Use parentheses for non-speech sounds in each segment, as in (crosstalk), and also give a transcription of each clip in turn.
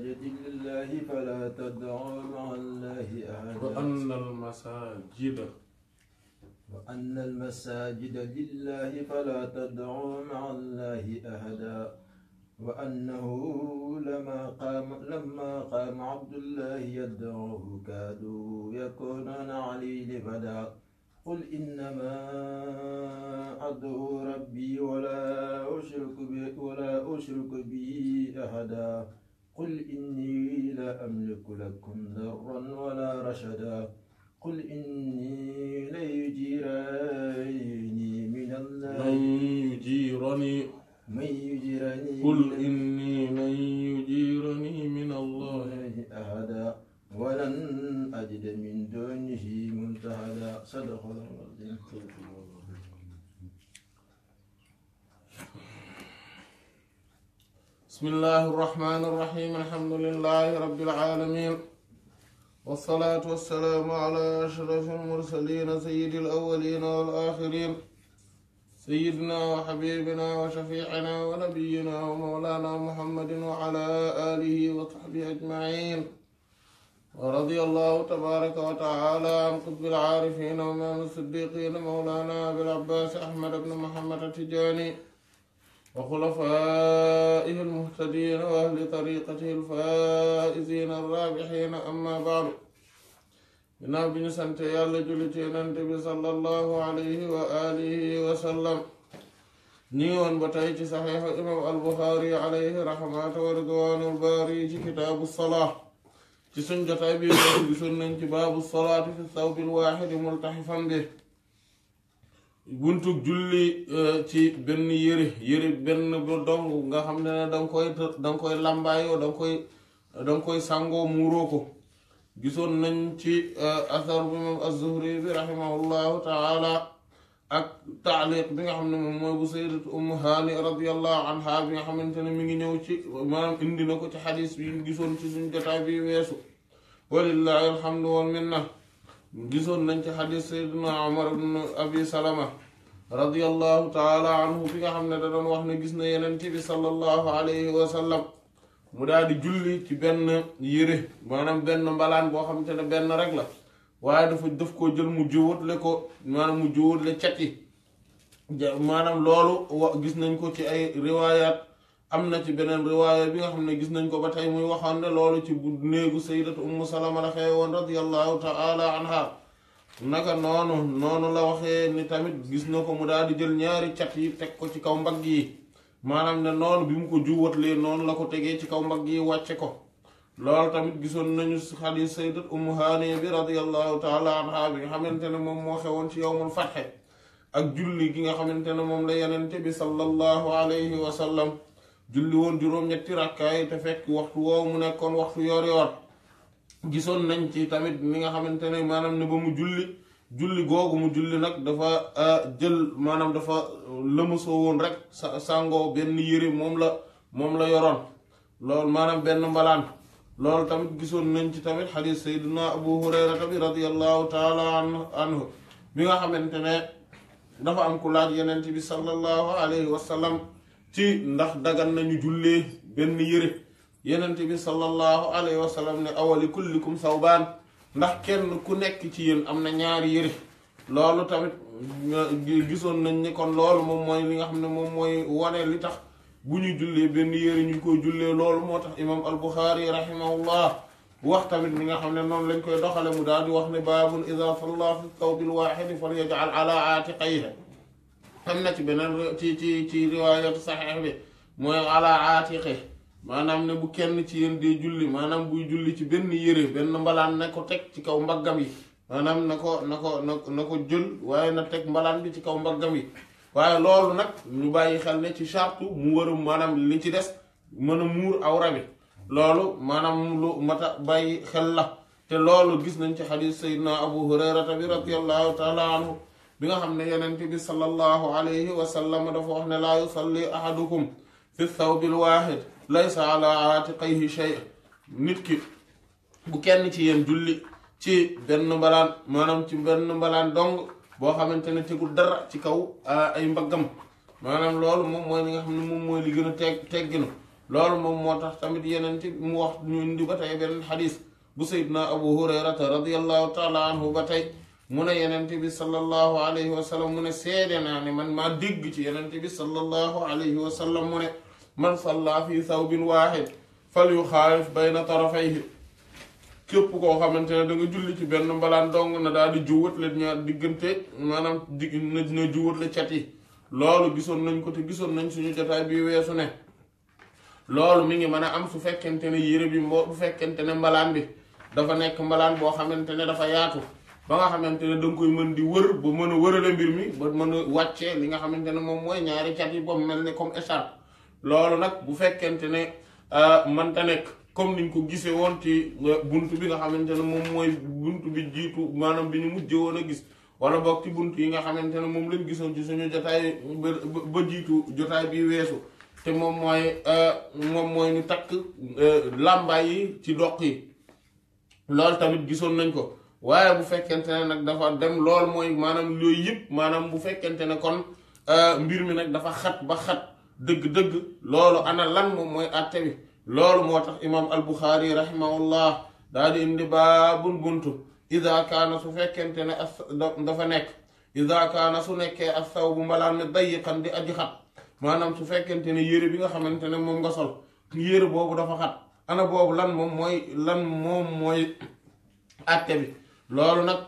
المساجد لله فلا تدعوا مع الله أحدا وأن المساجد وأن المساجد لله فلا تدعوا مع الله أحدا وأنه لما قام لما قام عبد الله يدعوه كادوا يكونون علي لبدا قل إنما أدعو ربي ولا أشرك به ولا أشرك به أحدا قل إني لا أملك لكم ذرا ولا رشدا قل إني لن يجيرني من الله من يجيرني من يجيرني قل إني من يجيرني من الله أحدا ولن أجد من دونه منتهدا صدق الله العظيم بسم الله الرحمن الرحيم الحمد لله رب العالمين والصلاة والسلام على أشرف المرسلين سيد الأولين والآخرين سيدنا وحبيبنا وشفيعنا ونبينا ومولانا محمد وعلى آله وصحبه أجمعين ورضي الله تبارك وتعالى عن قطب العارفين ومن الصديقين مولانا أبي العباس أحمد بن محمد التجاني وخلفائه المهتدين وأهل طريقته الفائزين الرابحين أما بعد بنابن سنت يالله جلتين النبي صلى الله عليه وآله وسلم نيون بتايت صحيح إمام البخاري عليه رحمة ورضوان الباري كتاب الصلاة تسن جتابي بسنن باب الصلاة في الثوب الواحد ملتحفا به buntu julli euh, ci benn yëre yëre benn bu dong nga xam ne ne danga koy danga koy làmbaayoo koy danga koy muuroo ko gisoon nañ ci euh, asar bi moom az-Zuhri bi rahimahullahu taala ak taaliq bi nga xam ne moom mooy bu sayyidat Umm Haani radiyallahu bi nga xamante ne mi ngi ñëw ci maanaam indi na ko ci xadis bi gisoon ci suñu jotaay bi weesu walillahi alhamdu wal minna gisoon nañ ci xadis sayduna omar ibnu abi radiallahu taala anhu fi nga xam ne da doon wax ne gis na yeneen bi sallallahu alayhi wa mu daal di julli ci benn yére maanaam benn mbalaan boo xam te ne benn rek la waaye dafa daf ko jël mu jiwutle ko maanaam mu jiwutle cat yi maanaam loolu gis nañ ko ci ay riwaayaat amna ci benen riwaya bi nga xamne gis nañ ko ba tay muy waxoon ne loolu ci bu néegu sayyidat um salama la xewon radiyallahu taala anha naka nonu nonu la waxe ni tamit gis nako mu daal di jël ñaari cat yi tek ko ci kaw mbag yi manam ne nonu bimu ko ko le noonu la ko tege ci kaw mbag yi wàcce ko loolu tamit gison nañu xadiis sayyidat um hani bi radiyallahu taala anha bi xamantene mom mo xewon ci yawmul fath ak julli gi nga xamantene mom moom la yenente bi sallallahu alayhi wa sallam julli woon juróom-ñetti rakkaay te fekk waxtu woowu mu nekkoon waxtu yor-yor gisoon nañ ci tamit mi nga xamante ne maanaam ne ba mu julli julli googu mu julli nag dafa euh, jël maanaam dafa euh, lëmasoo woon rek sa sàngoo benn yére moom la moom la yoroon loolu maanaam benn mbalaan loolu tamit gisoon nañ ci tamit xadiis sayduna abu hurayrata bi radiallahu taala anhu bi nga xamante ne dafa am ku yeneen yeneen bi sallallahu alayhi wa ci ndax dagan nañu jullee ben yëre yenent bi sallallahu alayhi wa sallam ne awali kullikum sawban ndax kenn ku nekk ci yéen amna ñaar yëre lolu tamit gisoon nañ ni kon lolu mom moy li nga xamne mom moy wone li tax buñu ñu ben yëre ñu ko jullee lolu motax imam al-Bukhari rahimahullah wax tamit li nga xamne non lañ koy doxale mu daal di wax ni babun idha salla fi thawbil wahid falyaj'al ala atiqihi am na ci beneen ci ci ci riwaayatu saxeex bi mooy ala aatiqi maanaam ne bu kenn ci yéen dee julli maanaam buy julli ci benn yére benn mbalaan na ko teg ci kaw mbaggam yi maanaam na ko na ko na na ko jël waaye na teg mbalaan bi ci kaw mbaggam yi waaye loolu nag ñu bàyyi xel ne ci chartu mu war a maanaam li ci des mën a muur aw bi loolu maanaam lu mata bàyyi xel la te loolu gis nañ ci xadiis sayyidina abu hurayrata bi radiallahu taala anhu bi nga xam ne yonent bi sallallahu alayhi wa sallam dafa wax ne laa yusalli ahadukum fi thawbil waahid laysa ala aatiqayhi shay nit ki bu kenn ci yéen julli ci benn mbalaan maanaam ci benn mbalaan dong boo xamante ne tegul dara ci kaw ay mbaggam maanaam loolu moom mooy li nga xam ne moom mooy li gën a teg tegginu loolu moom moo tax tamit yeneen ci mu wax ñu indi ba tey beneen xadis bu sayyidna abu hurayrata radiyallahu taala anhu ba tey mu ne yenente bi sallallahu alayhi wa sallam mu ne seede naa ne man maa dégg ci yenente bi sallallahu alayhi wa sallam mu ne man salla fi thawbin waaxid fal yu xaalif bayna tarafayhi képp koo xamante ne da nga julli ci benn mbalaan dong na daal di juwat la ñaar diggante maanaam di na juwat la cat yi loolu gisoon nañ ko te gisoon nañ suñu jotaay bi weesu ne loolu mi ngi mën a am su fekkente ne yére bi mbo bu fekkente ne mbalaan bi dafa nekk mbalaan boo xamante ne dafa yaatu ba nga xamantene dang koy mën di wër ba mëna a wërale mbir mi ba mëna a li nga xamantene mom moy ñaari chat yi boobu melni comme écharpe lolu nak bu fekkente ne euh man ta nek comme niñ ko gisee won ci euh, buntu bi nga xamantene mom moy buntu bi jitu manam biñu mujjé wona gis wala bok ci buntu yi nga xamantene mom lañu lañ gisoon ci suñu jotaay ba jitu jotaay bi wésu té mom moy euh mom moy ñu takk euh, làmbaay yi ci doq yi lolu tamit gisoon nañ ko waaye bu fekkente ne nag dafa dem lool mooy maanaam yooyu yëpp maanaam bu fekkente ne kon euh, mbir mi nag dafa xat ba xat dëgg-dëgg loolu ana lan moom mooy àtte bi loolu moo tax imaam al-Buxaari rahimahullah daal di indi baabul buntu ida kaana su fekkente ne as dafa nekk ida kaana su nekkee as saw bu mbalaan mi dayiqan di aji maanaam su fekkente ne yére bi nga xamante ne moom nga sol yére boobu dafa boobu lan moom mooy lan moom mooy àtte bi lolu nak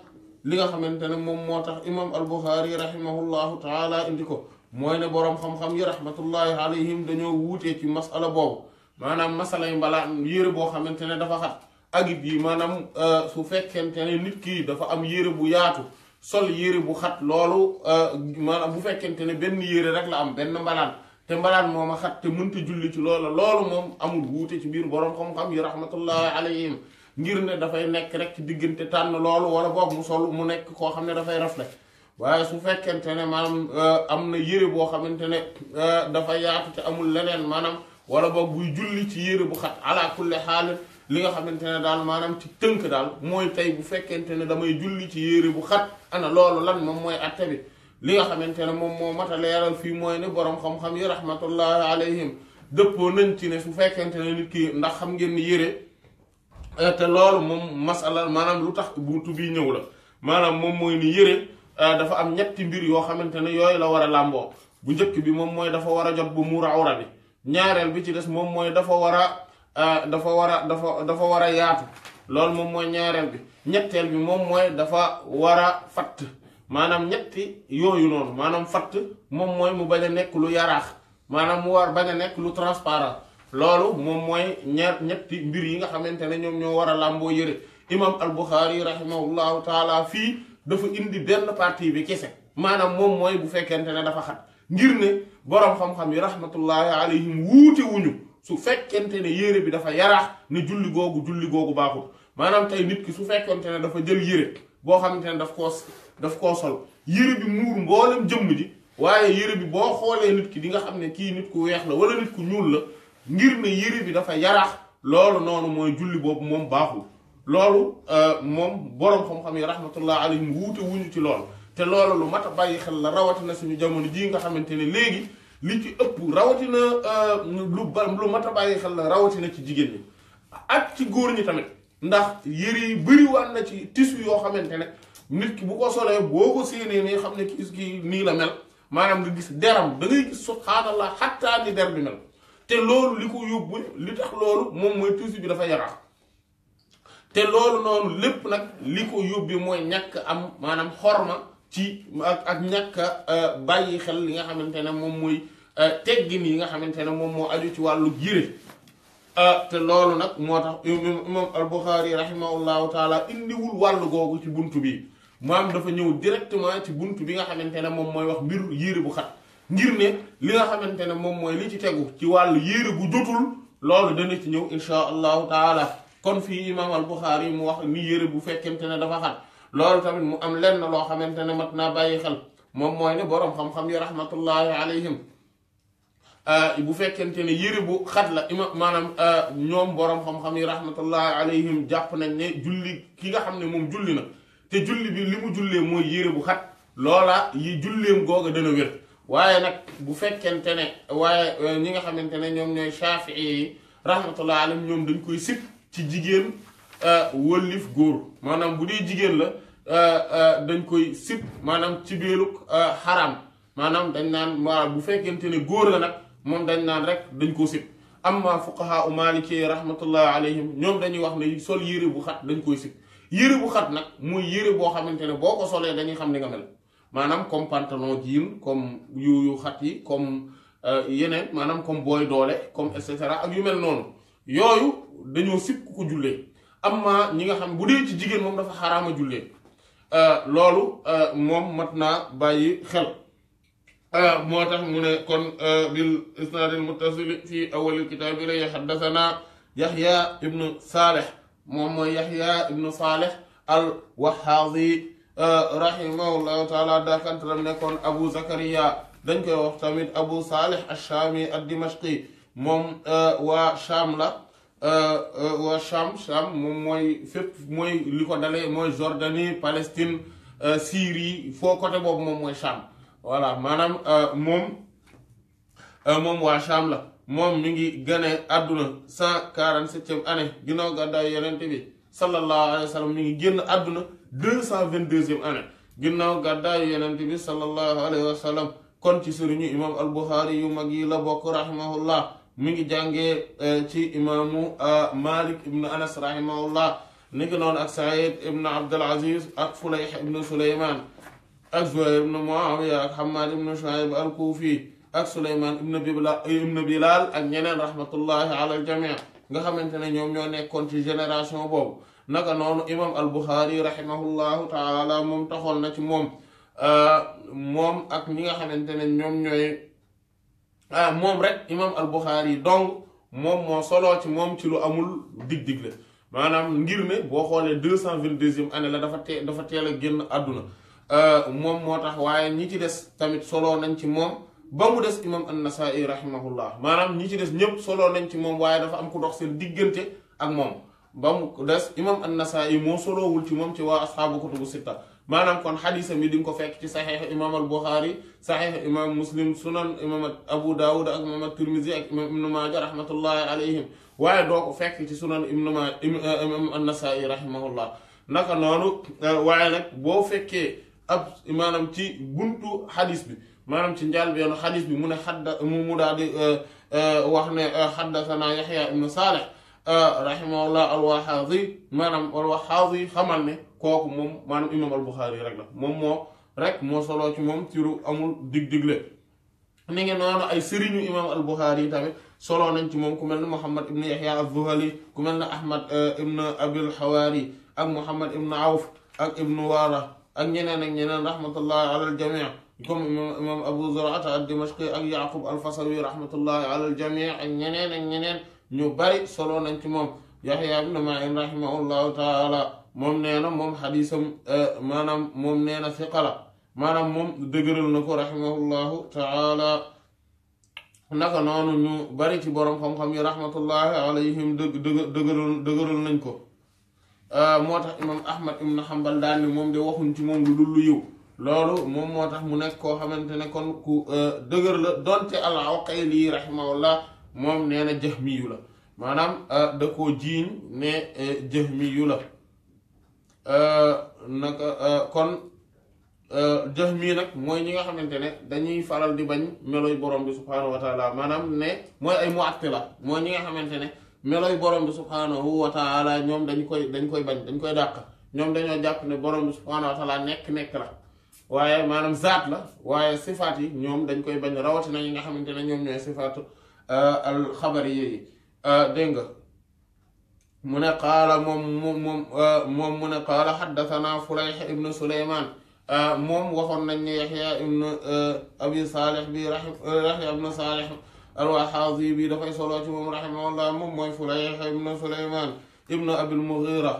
li nga xamantene mom motax imam al-Bukhari rahimahullahu taala indiko moy ne borom xam-xam yi rahmatullahi alayhim dañu wuté ci masala boobu manam masala yi bala yére bo xamantene dafa xat ak bi manam su fekkentene nit ki dafa am yére bu yaatu sol yére bu xat lolu manam bu fekkentene ben yére rek la am ben mbalaan te mbalaan moma xat te muntu julli ci lolu lolu mom amul wuté ci bir borom xam-xam yi rahmatullahi alayhim ngir ne dafay nekk rek ci diggante tànn loolu wala boog mu sol mu nekk koo xam ne dafay rafle waaye su fekkente ne maanaam euh, am na yére boo xamante ne euh, dafa yaatu amul leneen maanaam wala boog buy julli ci yére bu xat ala kulli xaal li nga xamante ne daal maanaam ci tënk daal mooy tey bu fekkente ne damay julli ci yére bu xat ana loolu lan moom mooy atte bi li nga xamante ne moom moo mat leeral fii mooy ne boroom xam-xam yi rahmatullahi alayhim dëppoo nañ ci ne su fekkente ne nit ki ndax xam ngeen ni yére Eh, te loolu moom masala maanaam lu tax buutu bii ñëw la maanaam moom mooy ni yére eh, dafa am ñetti mbir yoo xamante ne yooyu la war a làmboo bu njëkk bi moom mooy dafa war a jot ba muur awra bi ñaareel bi ci des moom mooy dafa war a eh, dafa war a dafa dafa war a yaatu loolu moom mooy ñaareel bi ñetteel bi moom mooy dafa war a fatt maanaam ñetti yooyu noonu maanaam fatt moom mooy mu bañ a nekk lu yaraax maanaam mu war bañ a nekk lu transparent loolu moom mooy ñaar ñetti mbir yi nga xamante ne ñoom ñoo war a làmboo yëre imam al-Bukhari rahimahullahu taala fii dafa indi benn partie bi kese maanaam moom mooy bu fekkente ne dafa xat ngir ne boroom xam-xam yi rahmatullahi alayhim wuute wuñu su fekkente ne yére bi dafa yaraax ne julli googu julli googu baaxul maanaam tey nit ki su fekkente ne dafa jël yére boo xamante ne daf koo daf koo sol yére bi muur mboolem jëmm ji waaye yére bi boo xoolee nit ki di nga xam ne kii nit ku weex la wala nit ku ñuul la ngir ne yére bi dafa yaraax loolu noonu mooy julli boobu moom baaxul loolu euh, moom boroom xam-xam yi rahmatullah alayhim wuute wuñu ci lool te loolu lu mat a bàyyi xel la rawatina suñu jamono jii nga xamante ne léegi li ci ëpp rawatina euh, lu ba lu mat a bàyyi xel la rawatina ci jigéen ñi ak ci góor ñi tamit ndax yére yi bëriwaat na ci tissu yoo xamante ne nit ki bu ko solee boo ko séenee nii xam ne kii kii nii la mel maanaam nga gis deram da ngay gis subhaanallah xattaa ni der bi mel te loolu li ko yóbbu li tax loolu moom mooy tuuti bi dafa yaraax te loolu noonu lépp nag li ko yóbbee mooy ñàkk am maanaam xor xorma ci ak ak ñàkk a euh, bàyyi xel li nga xamante ne moom mooy euh, teggin yi nga xamante ne moom moo aju ci wàllu yére euh, te loolu nag moo tax imam al-Bukhari rahimahullahu taala indiwul wàll googu ci bunt bi maam dafa ñëw directement ci bunt bi nga xamante ne moom mooy wax mbiru yére bu xat ngir ne li nga xamante ne moom mooy li ci tegu ci wàllu yére bu jotul loolu dana ci ñëw insha allahu taala kon fii imaam al Buxaari yi mu wax ni yére bu fekkente ne dafa loolu tamit mu am lenn loo xamante ne mat naa bàyyi xel moom mooy ne boroom xam-xam yi rahmatullahi alayhim ah, bu fekkente ne yére bu xat la ima maanaam ah, ñoom boroom xam-xam yi rahmatullahi alayhim jàpp nañ ne julli ki nga xam ne moom julli na te julli bi li mu jullee mooy yére bu xat loola yi julleem googa dana wér waaye nag bu fekkente ne waaye euh, ñi nga xamante ne ñoom ñooy shafii yi rahmatullah alayhim ñoom dañ koy sib ci jigéen euh, wëllif góor maanaam bu dee jigéen la euh, dañ koy sib maanaam ci biirug xaraam maanaam dañ naan waaw bu fekkente ne góor la nag moom dañ naan rek dañ koo sib amma fuqaha u maliki rahmatullah alayhim ñoom dañuy wax ne sol yére bu xat dañ koy sib yére bu xat nag muy yére boo xamante ne boo ko solee dañuy xam ni nga mel maanaam comme pantalon jean comme yu yu xat yi comme euh, yeneen maanaam comme booy doole comme et ak yu mel noonu yooyu dañoo sib ku ko jullee amma ñi nga xam bu dee ci jigéen moom dafa xaraama jullee euh, loolu euh, moom mat naa bàyyi xel moo tax mu ne kon bil isnaadil muttasili fi awalil kitaab bi lay xaddasana yaxya ibnu saaleh moom mooy yaxya ibnu saaleh al waxaazi Euh, rahimahullahu taala daakantaram nekkoon abu zakariya dañ koy wax tamit abu salih alchaami ad dimashqi moom euh, waa cham la euh, waa cham cham moom mooy fépp mooy li ko dalee mooy jordanie palestine syrie foo côté boobu moom mooy cham voilà maanaam moom moom waa cham la moom mi ngi gane àdduna cent quarante-septième année ginnaaw gàddaay yonent bi sallallahu alayhi wa sallam mi ngi génn àdduna du cent vingt deuxième année ginnaaw gàddaayu yonent bi sallallahu alayhi wa sallam kon ci sëriñu imam al yu mag yi la bokk rahimahullah mi ngi jàngee eh, ci imaamu eh, malik ibnu anas rahimahullah ni ki noonu ak saïd ibnu abdul aziz ak fulayh ibnu suleyman ak zuhayr ibnu muawiya ak hamad ibnu shuayb al kuufi ak suleyman ibnu bilal ak ñeneen rahmatullahi ala al jamii nga xamante ne ñoom ñoo nekkoon ci génération boobu naka noonu imam al buxaari rahimahullahu taala moom taxoon na ci moom euh, moom ak ñi nga xamante ne ñoom ñooy euh, moom rek imam al buxaari dong moom moo soloo ci moom ci amul dig maanaam ngir ne boo xoolee deux cent vingt-deuxième année dafa tee dafa teel a génn àdduna euh, moom moo tax waaye ñi ci des tamit soloo nañ ci moom ba mu des imam an-Nasa'i rahimahullah maanaam ñi ci des ñëpp soloo nañ ci moom waaye dafa am ku dox seen diggante ak moom ba mu des imam an-Nasaa'i moo soloowul ci moom ci waa asxaabu kutubu sitta maanaam kon xadisam yi di nga ko fekk ci saxeexu imaam al buxaari saxeexu imaam muslim sunan imaam abu daawud ak imaam at-tirmisi ak imaam ibnu maaja rahmatullahi alayhim waaye doo ko fekk ci sunan ibnu maaja eh, imaam an-Nasaa'i rahimahullah naka noonu eh, waaye nag boo fekkee ab maanaam ci buntu xadis bi maanaam ci njàlbéenu xadis bi mu ne xadda mu mu daal di eh, wax ne xaddasanaa yaxya ibnu saaleh rahimahullah alwaxaadi maanaam alwaxaadi xamal ne kooku moom maanaam imam albuxaari rek la moom moo rek moo soloo ci moom tiru amul dig-digle ni ngi noonu ay sëriñu imam albuxaari yi tamit soloo nañ ci moom ku mel ne muhammad ibn yahya az-zuhali ku mel ne ahmad ibn abil xawaari ak muhammad ibn awf ak ibn waara ak ñeneen ak ñeneen rahmatullahi ala aljamii comme imam abu zuraata ad-dimashqi ak yaqub alfasawi rahmatullahi ala aljamii ak ñeneen ak ñeneen ñu bari solo nañ ci mom yahya ibn ma'in rahimahullahu taala mom neena mom moom manam mom neena fiqala manam mom degeural nako dëgëral na rahimahullahu taala naka nonu ñu bari ci borom xam-xam yi rahmatullahi alayhim dëgg degeural nañ ko euh motax imam ahmad ibn hanbal daal ni moom de waxuñ ci moom lu lu yiw loolu moom moo mu nek ko xamantene kon ku dëgër la donte al-Uqayli rahimahullah moom nee na jahmiyu la maanaam euh, da koo jiiñ ne euh, jahmiyu la euh, naka kon jahmi nag mooy ñi nga xamante ne dañuy faral di bañ meloy borom bi subhaanahu wa maanaam ne mooy ay mu'attila mooy ñi nga xamante ne meloy borom bi subhaanahu wa taala ñoom dañ koy dañ koy bañ dañ koy dàq ñoom dañoo jàpp ne borom bi subhaanahu wa nekk-nekk la waaye maanaam zaat la waaye sifaat yi ñoom dañ koy bañ rawatina ñi nga xamante ne ñoom ñooy sifaatu alxabari yi dégg nga mu ne qaala moom mu moom moom mu ne qaala xaddasanaa fulayx ibnu suleymaan moom waxoon nañ ne yaxya ibnu abi saalix bi yaxya ibnu saalix alwaxaazi bi dafay soloo ci moom raximahullah moom mooy fulayx ibnu suleymaan ibnu abil mugira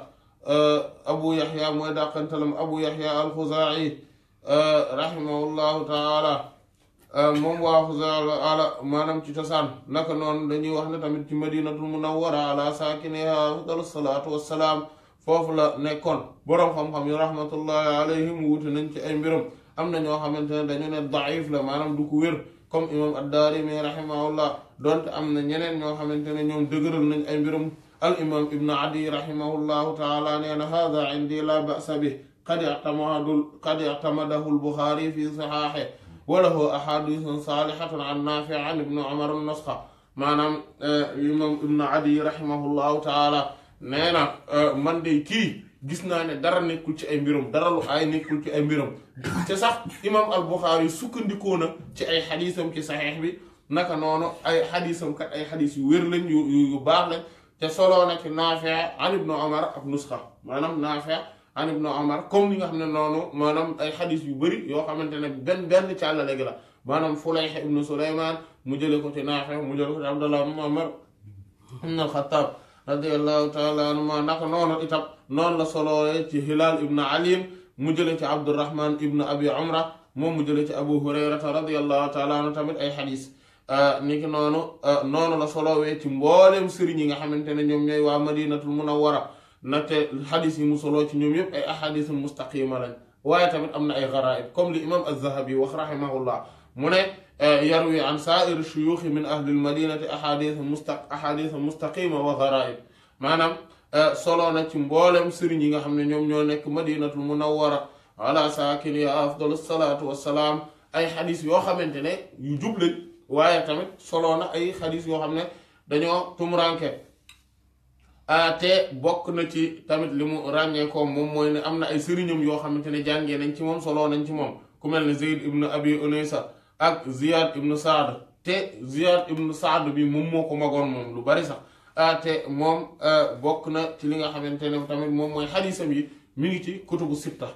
abu yaxya mooy dàqantalam abu yaxya alxuzaaci raximahullahu taala mom wa Xuzaa ala manam ci tosan naka non dañuy wax ne tamit ci madinatul munawwara ala sakinha afdalu salatu wassalam fofu la nekkon borom xam-xam yu rahmatullahi alayhim wut nañ ci ay mbirum am na xamantene dañu ne daif la manam du ko wér comme imam ad addaarimi rahimahullah donte am na ñeneen ño xamantene ne ñoom dëgëral nañ ay mbirum al imam ibn adi rahimahullah taala ne na hada indi la basa bih qad ictamadahu lbuxaari fi saxaaxe وله أحاديث صالحة عن نافع عن ابن عمر النسخة مانام آه، إمام ابن عدي رحمه الله تعالى نانا آه، من دي كي جسنا ندر نكل تي أميرم دار لو أي نكل تي أميرم تسخ إمام البخاري سكن دي كونا تي أي حديثهم كي صحيح بي نكا نونو أي حديثهم كت أي حديث ويرلن يو يو يو باغلن تسولو نكي نافع عن ابن عمر النسخة مانام نافع an ibn umar comme ni nga xamne nonu manam ay hadith yu bari yo xamantene ben ben ci Allah leg la manam fulayh ibn sulayman mu jële ko ci nafi mu jële ko ci abdullah ibn umar ibn khattab radiyallahu taala anhuma nak nonu itap non la solo ci hilal ibn alim mu jële ci abdurrahman ibn abi umra mom mu jële ci abu hurayra radiyallahu taala anhu tamit ay xadis niki nonu nonu la solo we ci mbollem serigne nga xamantene ñom ñoy wa madinatul munawwara ndaxte xadis yi mu soloo ci ñoom yépp ay ahadisul mustaqima lañ waaye tamit am na ay garaib comme li imam az-zahabi wax rahimahullah mu ne eh, yarwi an saa'iri shuyuuxi min ahlil madinati ahadisa musta ahadisa mustaqima wa garaib maanaam eh, solo na ci mboolem sëriñ yi nga xam ne ñoom ñoo nekk madinatul munawwara ala saakiniha afdalu salaatu wassalaam ay xadis yoo xamante ne yu jublañ waaye tamit solo na ay xadis yoo xam ne dañoo tumuranke Ah, te bokk na ci tamit li mu ràññee moom mooy ne am na ay sëriñam yoo xamante ne jàngee nañ ci moom soloo nañ ci moom ku mel ne Zayd ibn Abi Unaysa ak Ziyad ibn Saad te Ziyad ibn bi moom moo ko magoon moom lu bari sax ah, te moom ah, bokk na ci li nga xamante ne tamit moom mooy xadiisam yi mingi ngi ci kutubu sitta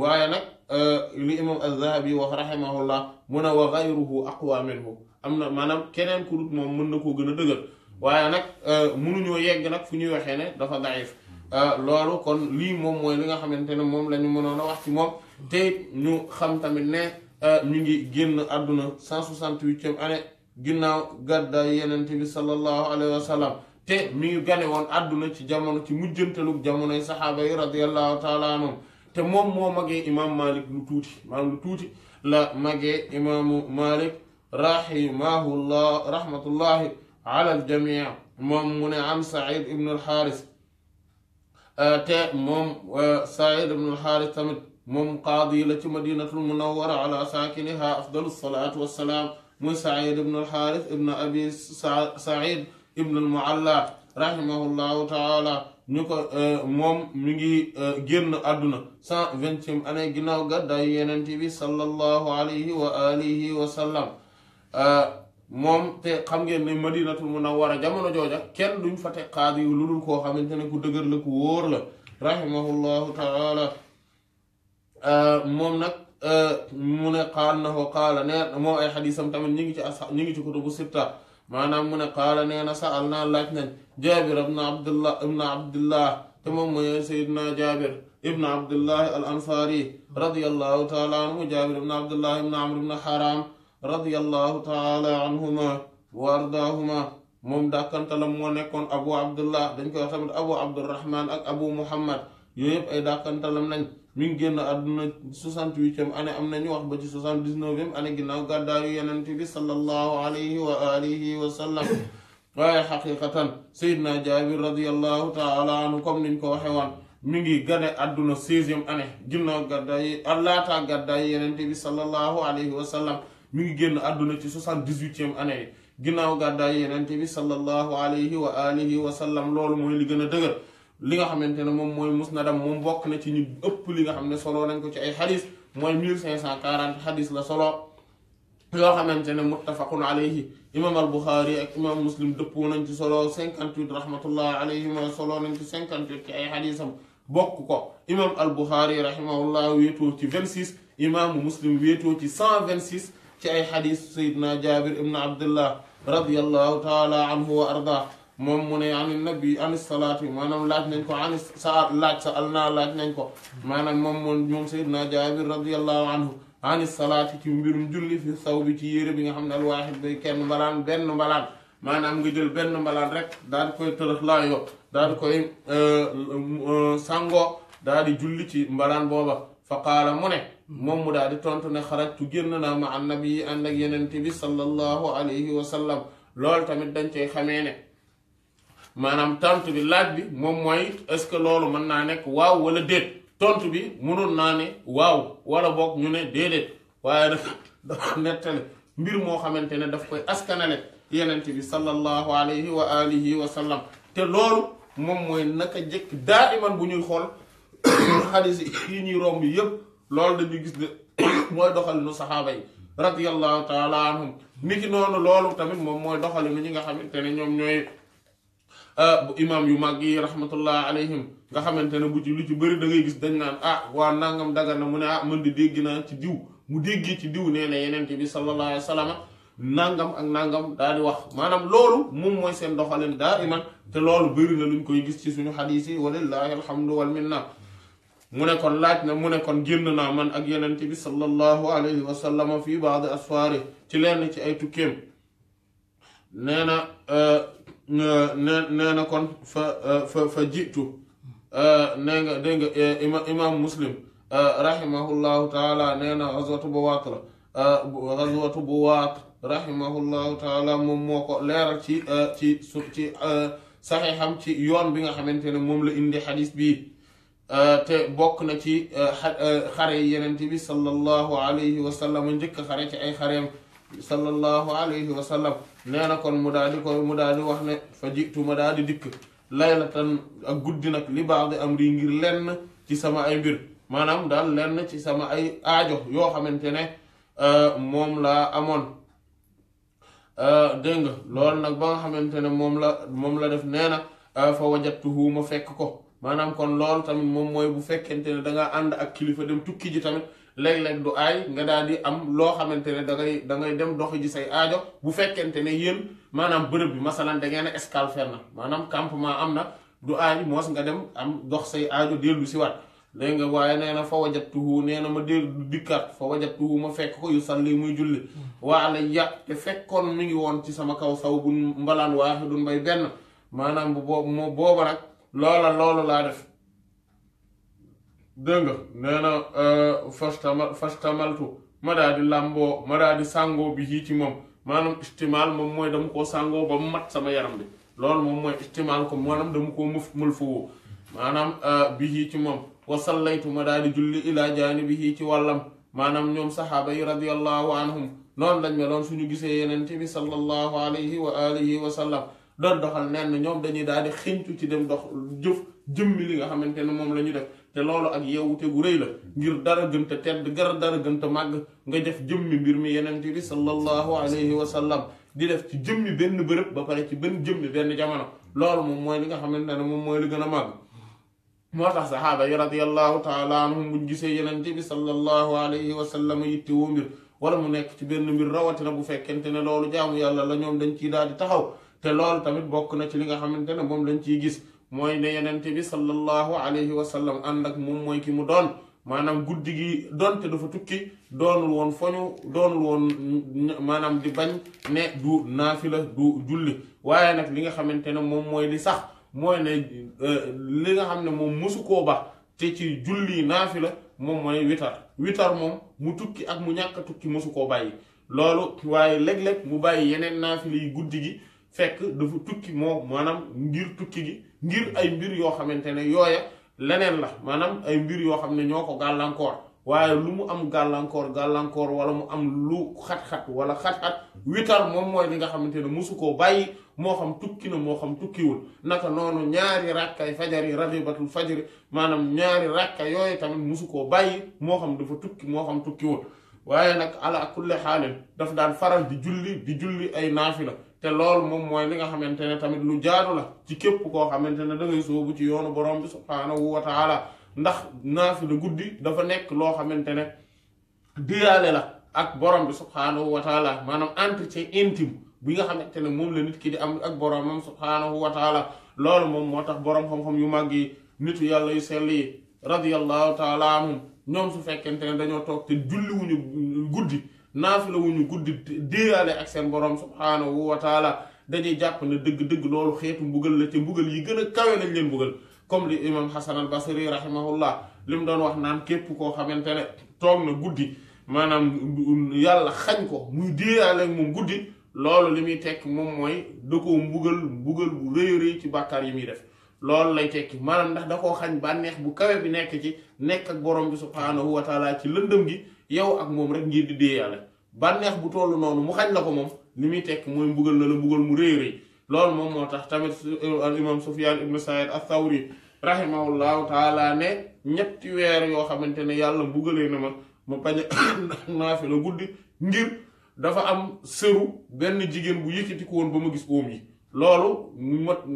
waaye nag li imam az-Zahabi wax rahimahullah mun a wa gayruhu aqwa minhu am na maanaam keneen ku dut moom mën na koo gën a dëgër waaye nag euh, mënuñoo yegg nag fu ñuy waxee ne dafa daif euh, loolu kon lii moom mooy li nga xamante ne moom lañu mënoon a wax ci moom te ñu xam tamit ne euh, ñu ngi génn àdduna 168e année ginnaaw gadda yenente bi salallahu alayhi wasallam te mi ngi gane woon àdduna ci jamono ci mujjantalug jamono yi sahaaba yi radiallahu taala anum te moom moo magee imam malik lu tuuti maanaam lu tuuti la magee imaamu malik rahimahullah rahmatullahi على الجميع مم من عم سعيد ابن الحارث أتى مم آه، سعيد ابن الحارث تمت مم قاضي لتي مدينة المنورة على ساكنها أفضل الصلاة والسلام من سعيد ابن الحارث ابن أبي سعيد ابن المعلى رحمه الله تعالى نكو آه، مم مجي آه، جن أدنى سان فنتم أنا جناو قد ينتبي صلى الله عليه وآله وسلم moom te xam ngeen ne madinatul munawwara jamono jooja kenn duñ fa teg xaadi yu lu dul koo xamante ne ku dëgër la ku wóor la rahimahullahu taala euh, moom nag euh, mu ne na ko xaala nee moom ay xadiisam tamit ñu ngi ci as ñu ngi ci kutubu sitta maanaam mu ne xaala na saal naa laaj nañ jaabir ibn abdullah ibn abdullah te moom mooy sayidna jaabir ibn abdullah al ansaari radiyallahu taala anhu jaabir ibn abdullah haram رضي الله تعالى عنهما وارضاهما موم داكانتالام مو نيكون ابو عبد الله دنجو خامل ابو عبد الرحمن اك ابو محمد ييب اي داكانتالام نان مين ген ادنا 68ام اني امنا ني واخ با 79ام اني غيناو غادا يونتي صلى الله عليه واله وسلم واي حقيقه سيدنا جابر رضي الله تعالى عنه كوم نين كو وخيوان ميغي غاني ادنا 16ام اني غيناو غادا الله تا غادا يونتي صلى الله عليه وسلم mu ngi génn àdduna ci soixante-dix-huitième année yi ginnaaw gàddaay yenente bi sallallahu alayhi wa alihi wa sallam loolu mooy li gën a dëgër li nga xamante ne moom mooy musnadam moom bokk na ci ñu ëpp li nga xam ne solo nañ ko ci ay xadis mooy 1540 xadis la solo yoo xamante ne muttafaqun alayhi imam al buxaari ak imam muslim dëppoo nañ ci solo 58 rahmatullah alayhima solo nañ ci 58 ci ay xadisam bokk ko imam al buxaari rahimahullah wéetoo ci 26 imaamu muslim wéetoo ci 126 ci ay xadis sayidna jabir ibnu abdullah radiallahu taala anhu wa arda moom mu ne an nabi an salaat yi maanaam laaj nañ ko an sa laaj sa al laaj nañ ko maanaam moom moom moom sayidna jabir radiallahu anhu an salaati ci mbirum julli fi saw bi ci yére bi nga xam ne alwaaxid bay kenn mbalaan benn mbalaan maanaam nga jël benn mbalaan rek daal di koy tërëx laayoo daal koy euh, euh, sangoo daal di julli ci mbalaan booba fa mone moom mu daal di tontu ne xarajtu génn naa ma annabi ànd ak yenent bi sallallahu alayhi wa sallam loolu tamit dañ cey xamee ne maanaam tontu bi laaj bi moom mooy est-ce que loolu mën naa nekk waaw wala déet tontu bi mënoon naa ne waaw wala boog ñu ne déedéet waaye dafa dafa nettale mbir moo xamante ne daf koy askanale yenent bi sallallahu alayhi wa alihi wa sallam te loolu moom mooy naka jëkk daa man bu ñuy xool (coughs) xadis yi ñuy romb yépp loolu dañuy gis ne (coughs) mooy doxalinu saxaaba yi radiyallahu taala anhum niki noonu loolu tamit moom mooy doxalinu ñi nga xamante ne ñoom ñooy ah, imaam yu mag yi rahmatullah alayhim nga xamante ne bu ci lu ci bëri da ngay gis dañ naan ah waa nangam dagan na mu ne ah mën di dégg naa ci diw mu déggee ci diw nee na yenente bi sallallahu alayhi wa nangam ak nangam daal di wax maanaam loolu moom mooy seen doxalin daa iman te loolu bëri na luñ koy gis ci suñu xadiis yi walillahi alhamdu wal minna muné kon laaj na muné kon génn na man ak yenente bi sallallahu alayhi wa sallam fi baadi asfari ci len ci ay tukem neena euh neena kon fa fa fa jitu nee nga dégg nga imam muslim rahimahullahu taala neena na xaswatu euh waat la rahimahullahu taala mom moko ko leeral ci ci su ci saxeexam ci yoon bi nga xamantene mom la indi hadith bi Euh, te bokk na ci euh, euh, xare yenent bi sallallahu alayhi wa sallam njëkk xare ci ay xareem sallallahu alayhi wa sallam nee na kon mu daal di ko mu daal di wax ne fa jitu ma daal di dikk laylatan ak guddi nag li baax di am rii ngir lenn ci sama ay mbir maanaam daal lenn ci sama ay aajo yoo xamante ne moom laa amoon dégg nga loolu nag ba nga xamante ne moom la moom la def nee na fa wajattuhu ma fekk ko maanaam kon loolu tamit moom mooy bu fekkente ne da nga ànd ak kilifa dem tukki ji tamit léeg-léeg du aay nga daal di am loo xamante ne da ngay da ngay dem doxi ji say aajo bu fekkente ne yéen maanaam bërëb bi masalan da ngeen a escale fer na maanaam campement am na du aay moos nga dem am dox say aajo dellu si waat dégg nga waaye nee na fa wajattuhu nee na ma dellu dikkaat fa wajattuhu ma fekk ko yu salli muy julli waala ya te fekkoon mi ngi woon ci sama kaw saw bu mbalaan waaxidun mbay benn maanaam bu bo loola loolu laa def dégg nga nee na euh, ma daa di làmboo ma daa di sàngoo bi yii ci moom maanaam istimal moom mooy dama koo sàngoo ba mu mat sama yaram bi loolu moom mooy istimal ko maanaam dama koo mëf mël fawoo maanaam euh, bi yii ci moom wasallaytu ma daa di julli ilaa jaanibi yii ci wàllam maanaam ñoom saxaaba yi radiallahu anhum noonu lañ meloon suñu gisee yeneen bi sallallahu alayhi wa alihi wa do doxal nenn ñom dañuy daal di xëncu ci dem dox jëf jëmmi li nga xamantene mom lañu def te loolu ak yeewute gu reey la ngir dara gën ta tedd gar dara gën ta mag nga def jëmmi mbir mi yeneen bi sallallahu alayhi wa sallam di def ci jëmmi benn bërepp ba pare ci benn jëmmi benn jamono loolu mom moy li nga xamantene mom moy li gëna mag motax sahaba tax yi radiyallahu taala anhum buñ gisee yeneen bi sallallahu alayhi wa sallam yitte wu mbir wala mu nekk ci benn mbir rawati na bu fekkente ne loolu jaamu yàlla la ñoom dañ ci daal di taxaw te loolu tamit bokk na ci li nga xamante ne moom lañ ciy gis mooy ne yenent bi sallallahu alayhi wa sallam ànd ak moom mooy ki mu doon maanaam guddi gi donte dafa tukki doonul woon foñu doonul woon maanaam di bañ ne du naafila du julli waaye nag li nga xamante ne moom mooy li sax mooy ne euh, li nga xam ne moom mosu koo ba te ci julli naafila moom mooy witar witar moom mu tukki ak mu ñàkk tukki mosu koo bàyyi loolu waaye léeg-léeg mu bàyyi yeneen naafila yi guddi gi fekk dafa tukki moo maanaam ngir tukki gi ngir ay mbir yoo xamante ne yooya leneen la maanaam ay mbir yoo xam ne ñoo ko gàllankoor waaye lu mu am gàllankoor gàllankoor wala mu am lu xat-xat wala xat-xat witar moom mooy li nga xamante ne mosu koo bàyyi moo xam tukki na moo xam tukkiwul naka noonu ñaari rakkay fajar yi rabibatul fajri maanaam ñaari rakka yooyu tamit mosu koo bàyyi moo xam dafa tukki moo xam tukkiwul waaye nag ala kulli xaalin daf daan faral di julli di julli ay naafila te loolu moom mooy li nga xamante ne tamit lu jaadu la ci képp koo xamante ne da ngay sóobu ci yoonu borom bi subhaanahu wa taala ndax naafila guddi dafa nekk loo xamante ne diyaale la ak borom bi subhaanahu wa taala maanaam entretien intime bi nga xamante ne moom la nit ki di am ak borom subhaanahu wa taala loolu moom moo tax borom xam-xam yu màgg yi nitu yàlla yu sell yi radiyallahu taala anhum ñoom su fekkente ne dañoo toog te julliwuñu guddi naaf la wu ñu guddi déeyaale ak seen borom subhaanahu wa taala dañuy jàpp ne dëgg-dëgg loolu xeetu mbugal la ci mbugal yi gën a kawe lañ leen mbugal comme li imam Hasan al Basri rahimahullah li mu doon wax naan képp koo xamante ne toog na guddi maanaam yàlla xañ ko muy déeyaale ak moom guddi loolu li muy tekk moom mooy da koo mbugal mbugal bu rëy rëy ci bàkkaar yi muy def loolu lay tekki maanaam ndax da koo xañ bànneex bu kawe bi nekk ci nekk ak borom bi subhaanahu wa taala ci lëndëm gi yow ak moom rek ngir di déeyaale bànneex bu tollu noonu mu xañ la ko moom li muy tekk mooy mbugal na la mbugal mu rëy rëy loolu moom moo tax tamit euh, al imam Sufyaan ibnu Sa'iid as-Sawri rahimahullahu taala ne ñetti weer yoo xamante ne yàlla mbugalee na ma ma bañ a (coughs) naafi ngir dafa am sëru benn jigéen bu yëkkati ko woon gis óom yi loolu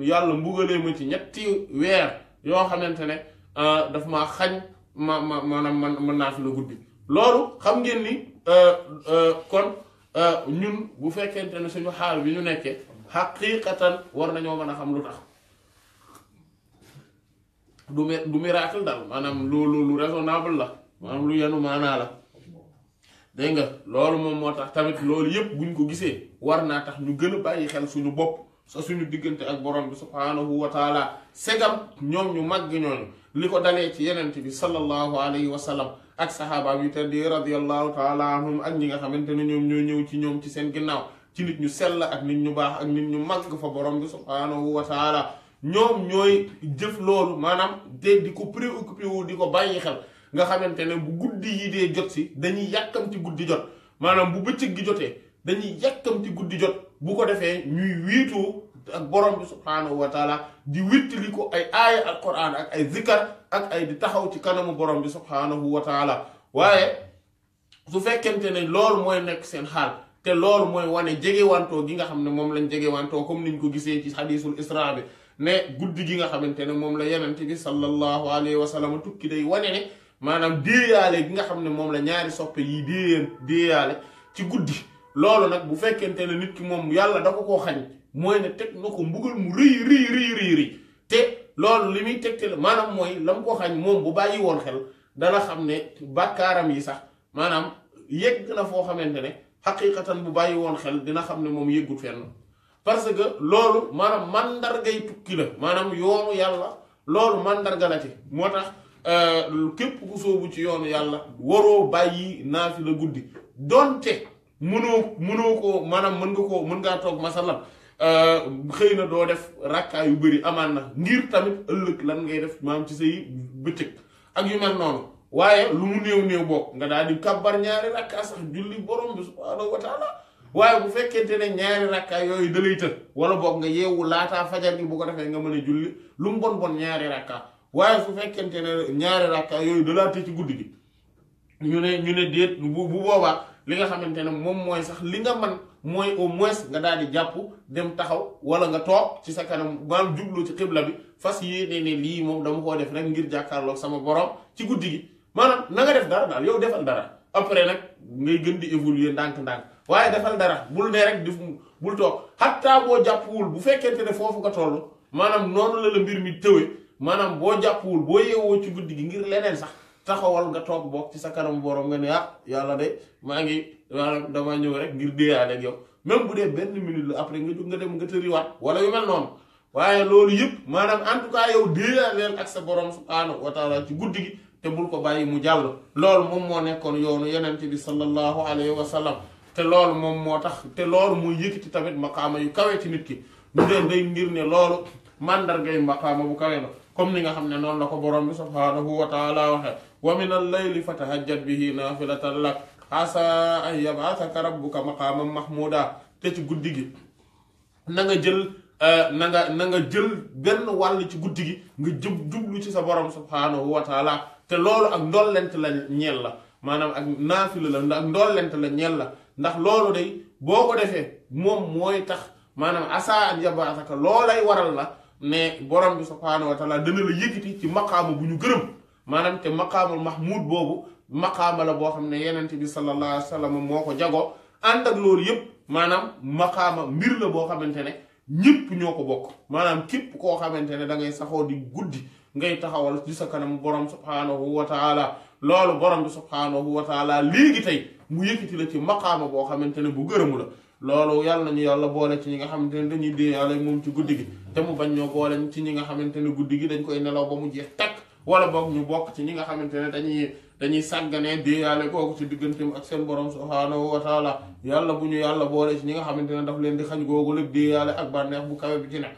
yàlla mbugalee ma ci ñetti weer yoo xamante ne euh, daf maa xañ ma ma maanaam man ma naafi la guddi loolu xam ngeen ni Euh, euh, kon euh, ñun bu fekkente ne suñu xaal bi ñu nekkee xaqiiqatan war nañoo mën a xam lu tax du du miracle daal lu lu lu la maanaam lu yenu maanaa la dégg nga loolu moom moo tax tamit loolu yépp buñ ko gisee war naa tax ñu gën a bàyyi xel suñu bopp sa suñu diggante ak borom bi subhaanahu wa taala segam ñoom ñu màgg ñooñu li ko dalee ci yenent bi sallallahu alayhi wa sallam ak saxaabaam yu tedd yi radiyallahu taala anhum ak ñi nga xamante ne ñoom ñoo ñëw ci ñoom ci seen ginnaaw ci nit ñu sell ak nit ñu baax ak nit ñu màgg fa borom bi subhaanahu wa taala ñoom ñooy jëf loolu maanaam te di ko préoccupé wu di ko bàyyi xel nga xamante ne bu guddi yi dee jot si dañuy yàkkamti guddi jot maanaam bu bëccëg gi jotee dañuy yàkkamti guddi jot bu ko defee ñuy wiitu ak borom bi subhaanahu wa di wittali ko ay aaya alquran ak ay zikar ak ay di taxaw ci kanamu borom bi subhanahu wa taala waye su fekkente ne lool moy nek seen xal te loolu mooy wane wanto gi nga xamne mom lañ lañ wanto comme niñ ko gisee ci hadithul isra bi ne guddi gi nga xamante ne moom la yenent bi sallallahu alayhi wa sallam tukki day wane ne manam déeyaale gi nga xamne mom la ñaari soppe yi déeyeen déeyaale ci guddi loolu nak bu fekkente ne nit ki mom yàlla da ko ko xañ moy ne tek nako ko mbugal mu rëy rëy rëy rëy te loolu li muy tegtal maanaam mooy la mu ko xañ moom bu bàyyi woon xel dana xam ne bàkkaaram yi sax maanaam yegg na foo xamante ne xaqiqatan bu bàyyi woon xel dina xam ne moom yëggut fenn parce que loolu maanaam mandargay tukki la maanaam yoonu yàlla loolu mandarga la ci moo tax képp ku sóobu ci yoonu yàlla waroo bàyyi naafi la guddi donte mënoo mënoo ko maanaam mën nga ko mën ngaa toog masalam Euh, xëy na doo def rakkaa yu bari amana ngir tamit euleuk lan ngay def maam ci sey beutek ak yu mel non waye lu mu new new bok nga dal di kabar ñaari rakka sax julli borom bi subhanahu wa taala waye bu fekkete ne ñaari rakka yoy dalay të wala bok nga yeewu lata fajar bi bu ko defé nga mën julli lu mu bon bon ñaari rakka waye su fekkete ne ñaari rakka yoy dalaa të ci guddigi ñu ne ñu ne deet bu boba li nga xamantene mom moy sax li nga man mooy au moins nga daal di jàpp dem taxaw wala nga toog ci sa kanam maanaam jublu ci xibla bi fas yéene ne lii moom dama koo def rek ngir jàkkaarloog sama borom ci guddi gi maanaam na def dara yow defal dara après nag ngay gën di évoluer ndànk-ndànk waaye dara bul ne rek def bul toog xattaa boo jàppuwul bu fekkente ne foofu nga toll maanaam noonu mbir mi tëwee maanaam boo jàppuwul boo yeewoo ci guddi gi ngir leneen sax taxawal nga toog bokk ci sa kanam borom nga ne ah yàlla de maa ngi. maanaam dama ñëw rek ngir déeyaale ak yow même bu dee benn minute la après nga jóg nga dem nga tëriwaat wala yu mel noonu waaye loolu yëpp maanaam en tout cas yow déeyaaleel ak sa borom subhaanahu wa taala ci guddi gi te bul ko bàyyi mu jàll loolu moom moo nekkoon yoonu yonent bi sallallahu alayhi wa sallam te loolu moom moo tax te loolu muy yëkkati tamit maqaama yu kawe ci nit ki ñu deen day ngir bu la comme ni nga xam ne la ko borom bi wa taala waxe wa min al layli fatahajjat bihi naafilatan lak asa an yabaasaka rabbuka maqaaman mahmuuda te ci guddi gi na nga jël euh, na nga na nga jël benn wàll ci guddi gi nga jub jublu ci sa borom subhaanahu wa taala te loolu ak ndollent la ñeel la maanaam ak naafila la ak ndollent la ñeel la ndax loolu de boo ko defee moom mooy tax maanaam asa an yabaasaka loolay waral la ne borom bi subhaanahu wa taala dana la yëkkati ci maqaamu bu ñu gërëm maanaam te maqaamul mahmuud boobu maqaama la boo xam ne yenent bi sallallahu alayhi wa sallam moo ko jagoo ànd ak loolu yëpp maanaam maqaama mbir la boo xamante ne ñëpp ñoo ko bokk maanaam képp koo xamante ne da ngay saxoo di guddi ngay taxawal di sa kanam borom subhaanahu wa taala loolu borom bi subhaanahu wa taala léegi tey mu yëkkati la ci maqaama boo xamante ne bu gërëmu la loolu yàlla nañu yàlla boole ci ñi nga xamante ne dañuy dee yàlla moom ci guddi gi te mu bañ ñoo boole ci ñi nga xamante ne guddi gi dañ koy nelaw ba mu jeex takk wala boog ñu bokk ci ñi nga xamante ne dañuy dañuy sàgganee déeyaale kooku ci digganteem ak seen borom subhaanahu wa yàlla bu ñu yàlla boole ci ñi nga xamante ne daf leen di xañ googu lépp déeyaale ak bànneex bu kawe bi ci ne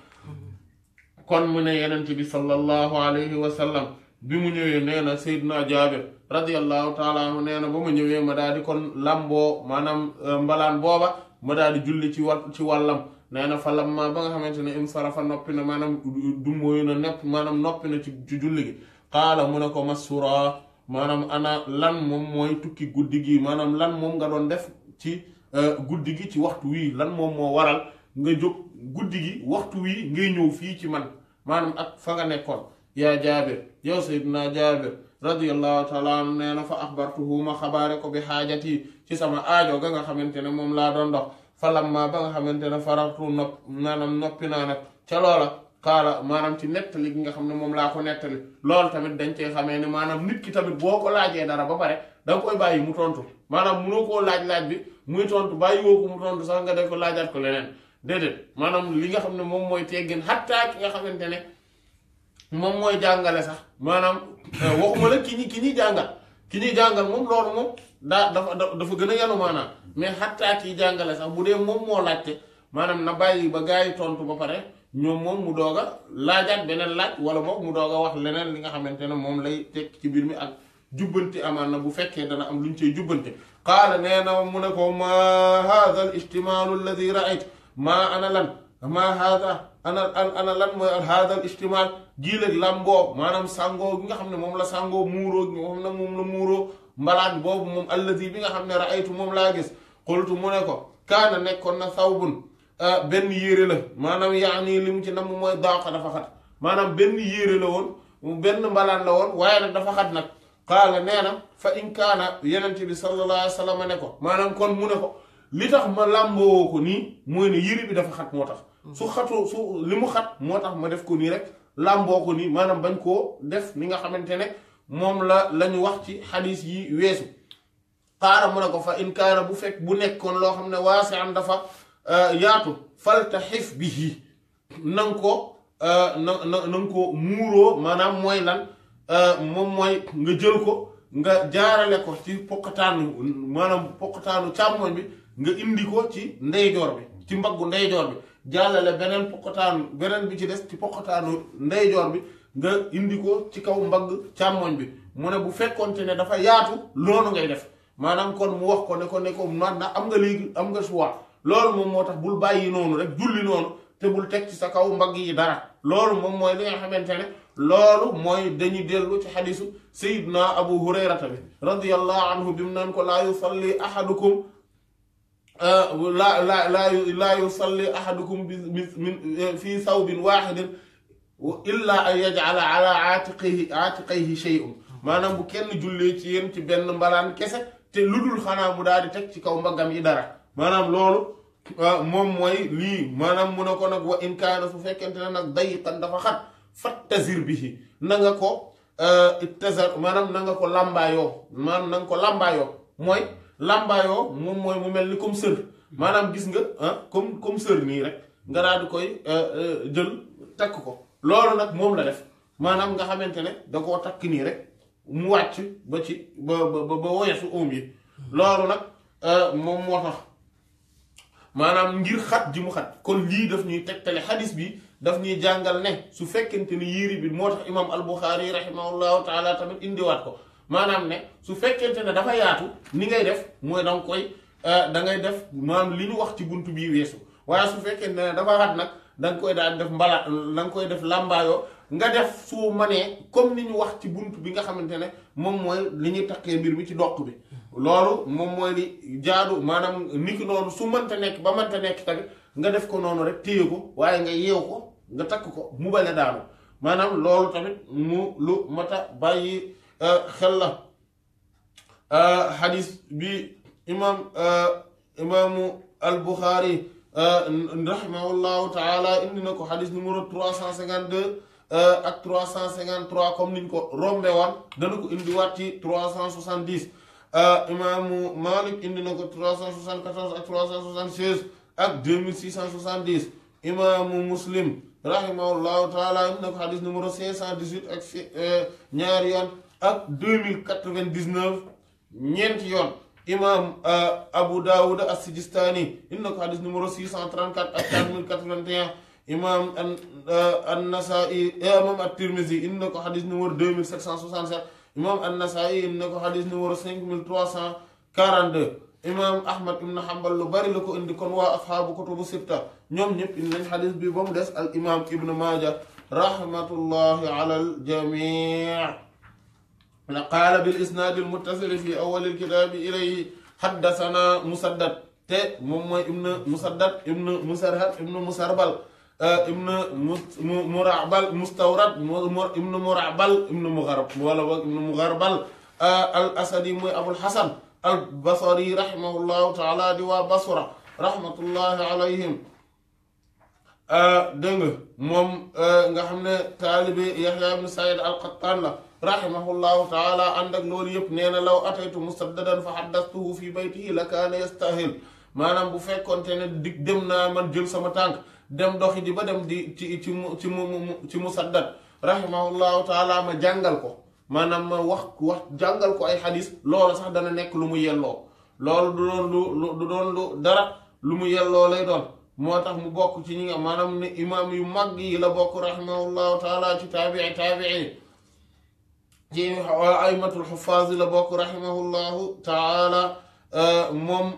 kon mu ne yenent bi sallallahu alayhi wa sallam bi mu ñëwee nee na Seydina Jaabir radiyallahu taala anhu nee na ba ma ñëwee ma daal di kon lamboo maanaam euh, mbalaan booba ma daal di julli ci wa ci wàllam nee na fa ba nga xamante ne im fa noppi na maanaam du mooyu na maanaam noppi na ci ci julli mu ne ko maanaam ana lan moom mooy tukki guddi gi maanaam lan moom nga doon def ci euh, guddi gi ci waxtu wii lan moom moo waral nga jóg guddi gi waxtu wii ngay ñëw fii ci man maanaam ak fa nga nekkoon yaa jaabir yow sayyidina jaabir radiyallahu taala anu nee na fa axbartuhu ma xabaare ko bi xaajat yi ci sama aajo ga nga xamante ne moom laa doon dox falamma ba nga xamante ne faratu nopp maanaam noppi naa nag ca loola xaala maanaam ci nettali ki nga xam ne moom laa ko nettali loolu tamit dañ cee xamee ne maanaam nit ki tamit boo ko laajee dara ba pare da nga koy bàyyi mu tontu maanaam munoo koo laaj-laaj bi muy tontu bàyyi woo ko mu tontu sax nga def ko laajaat ko leneen déedéet maanaam li nga xam ne moom mooy teggin xattaa ki nga xamante ne moom mooy jàngale sax maanaam euh, waxuma la ki ñi ki ñuy jàngal ki ñuy jàngal moom loolu moom daa dafa dafa gën a yanu maanaam mais xattaa kiy jàngale sax bu dee moom moo laajte maanaam na bàyyi ba gaa yi tontu ba pare ñoom moom mu doog a laajaat beneen laaj wala boog mu doog a wax leneen li nga xamante ne moom lay teg ci mbir mi ak jubbanti amaan na bu fekkee dana am lu ñu cey jubbante qaala nee na mu ne ko ma haada al ijtimaalu alladi raayt maa ana lan maa haada ana ana lan mooy haada al ijtimaal jii lag làmboo maanaam sàngoo gi nga xam ne moom la sàngoo muuroo gi nga xam ne moom la muuroo mbalaan boobu moom alladi bi nga xam ne raaytu moom laa gis qultu mu ne ko kaana nekkoon na sawbun Ah, benn yére la maanaam yaa nii li mu ci namm mooy daaqa dafa xat maanaam benn yéere la woon mu benn mbalaan la woon waaye nag dafa xat nag qaala nee na fa in yeneen yenente bi sallallahu alayhi wa sallam ne ko maanaam kon mu ne ko li ma làmboo ko nii mooy bi dafa xat moo tax hmm. su li mu xat moo tax ma def ko rek làmboo ko maanaam bañ koo def ni nga xamante ne moom la la wax ci xadiis yi weesu qaala mu ne ko fa in bu fekk bu nekkoon loo xam ne waasi am dafa Euh, yaatu falta faltaxif bi na nga ko na na na ko muuroo maanaam mooy lan euh, moom mooy nga jël ko nga jaarale ko ci poqataanu maanaam poqataanu càmmoñ bi nga indi ko ci ndeyjoor bi ci mbaggu ndeyjoor bi jàllale beneen poqataanu beneen bi ci des ci poqataanu ndeyjoor bi nga indi ko ci kaw mbagg càmmoñ bi mu ne bu fekkoonte ne dafa yaatu loolu ngay def maanaam koon mu wax ko ne ko ne ko man na am nga léegi am nga choix loolu mom motax bul bàyyi nonu rek julli nonu te bul tek ci sa kaw mbag yi dara loolu mom moy li nga xamantene ne loolu mooy dañu delu ci hadithu sayyidna abu hurayra bi radiyallahu anhu bim nan ko la yusalli ahadukum la la la laa yusalli ahadukum fi sawbin waaxidin illa an yaj'ala ala atiqihi atiqihi shay'un manam bu kenn julle ci yéen ci ben mbalan kesse te ludul xana mu daal di teg ci kaw mbagam yi dara maanaam loolu ah, moom mooy lii maanaam mu ne ko nag wa in kaana su fekkente ne nag dayiqan dafa xat fattazir bihi na nga ko ah, ittazar maanaam na nga ko làmbaayoo maanaam na ko làmbaayoo mooy làmbaayoo moom mooy mu mel ni comme sër maanaam gis nga ah, comme comme sër nii rek nga daal di koy jël takk ko loolu nag moom la def maanaam nga xamante ne da koo takk nii rek mu wàcc ba ci ba ba ba woyasu oom yi loolu nag moom moo tax maanaam ngir xat ji mu xat kon lii daf ñuy tegtale xadis bi daf ñuy jàngal ne su fekkente ni yéeri bi moo tax imaam al-Bukhari rahimahullahu taala tamit indiwaat ko maanaam ne su fekkente ne dafa yaatu ni ngay def mooy da nga koy euh, da ngay def maanaam li ñu wax ci buntu bii weesu waaye su fekkente ne dafa xat nag da koy daal def mbala da koy def làmbaayoo nga def ma ne comme ni ñu wax ci bunt bi nga xamante ne moom mooy li ñuy taqee mbir mi ci doq bi loolu moom mooy li jaadu maanaam niki noonu su mënta nekk ba mënta nekk tamit nga def ko noonu rek téye ko waaye nga yeew ko nga takk ko mu bale a daanu maanaam loolu tamit mu lu mata bàyyi euh, xel la xadis euh, bi imaam euh, imaamu al buxaari rahimahullahu taala indi na ko xadis numéro 352 ak 353 comme niñ ko rombe woon dana ko indiwaat ci 370 Euh, imaamu Malik indi na ko 374 ak 376 ak 2670 imaamu Muslim rahimahullahu taala indi na ko xadis numéro 518 ak euh, ñaari yoon ak 2099 ñeenti yoon imaam euh, Abu Dawud as-Sijistani indi na ko xadis numéro 634 ak 4081 imaam an an Nasaa'i imaam at-Tirmizi indi na ko xadis numéro 2767 imam an nasai indi na ko xadis numéro 5342 imam ahmad ibn hanbal lu bari la indi kon waa asxaabu kutubu sitta ñoom ñëpp indi nañ xadis bi ba mu des al imam ibn majah rahmatullahi ala al jamii qaala bil isnaadi al muttasili fi awwali al kitaabi ilayhi haddasana musaddad te moom mooy ibn musaddad ibn musarhad ibn musarbal ابن مرعبل مستورد ابن مرعبل ابن مغرب ولا ابن مغربل الأسدي موي أبو الحسن البصري رحمه الله تعالى دي بصرة رحمة الله عليهم ا دنگ موم nga xamne ne taalibe Yaxya ibn Saïd al-Qattaan la rahimahullahu taala ànd ak loolu yëpp nee na law ataytu musaddadan fa haddastuhu fi baytihi la yastahil maanaam bu fekkonte ne dig dem man jël sama tànk dem doxi ji ba dem di ci ci mu ci mu ci musaddad rahimahullahu taala ma jàngal ko maanaam ma wax wax jàngal ko ay xadis loolu sax dana nekk lu mu yelloo loolu du doon lu du doon lu dara lu mu yelloo lay doon moo tax mu bokk ci ñi nga maanaam ne imaam yu mag yi la bokk rahimahullahu taala ci taabii taabii ci aymatul xufaas la bokk rahimahullahu taala euh, moom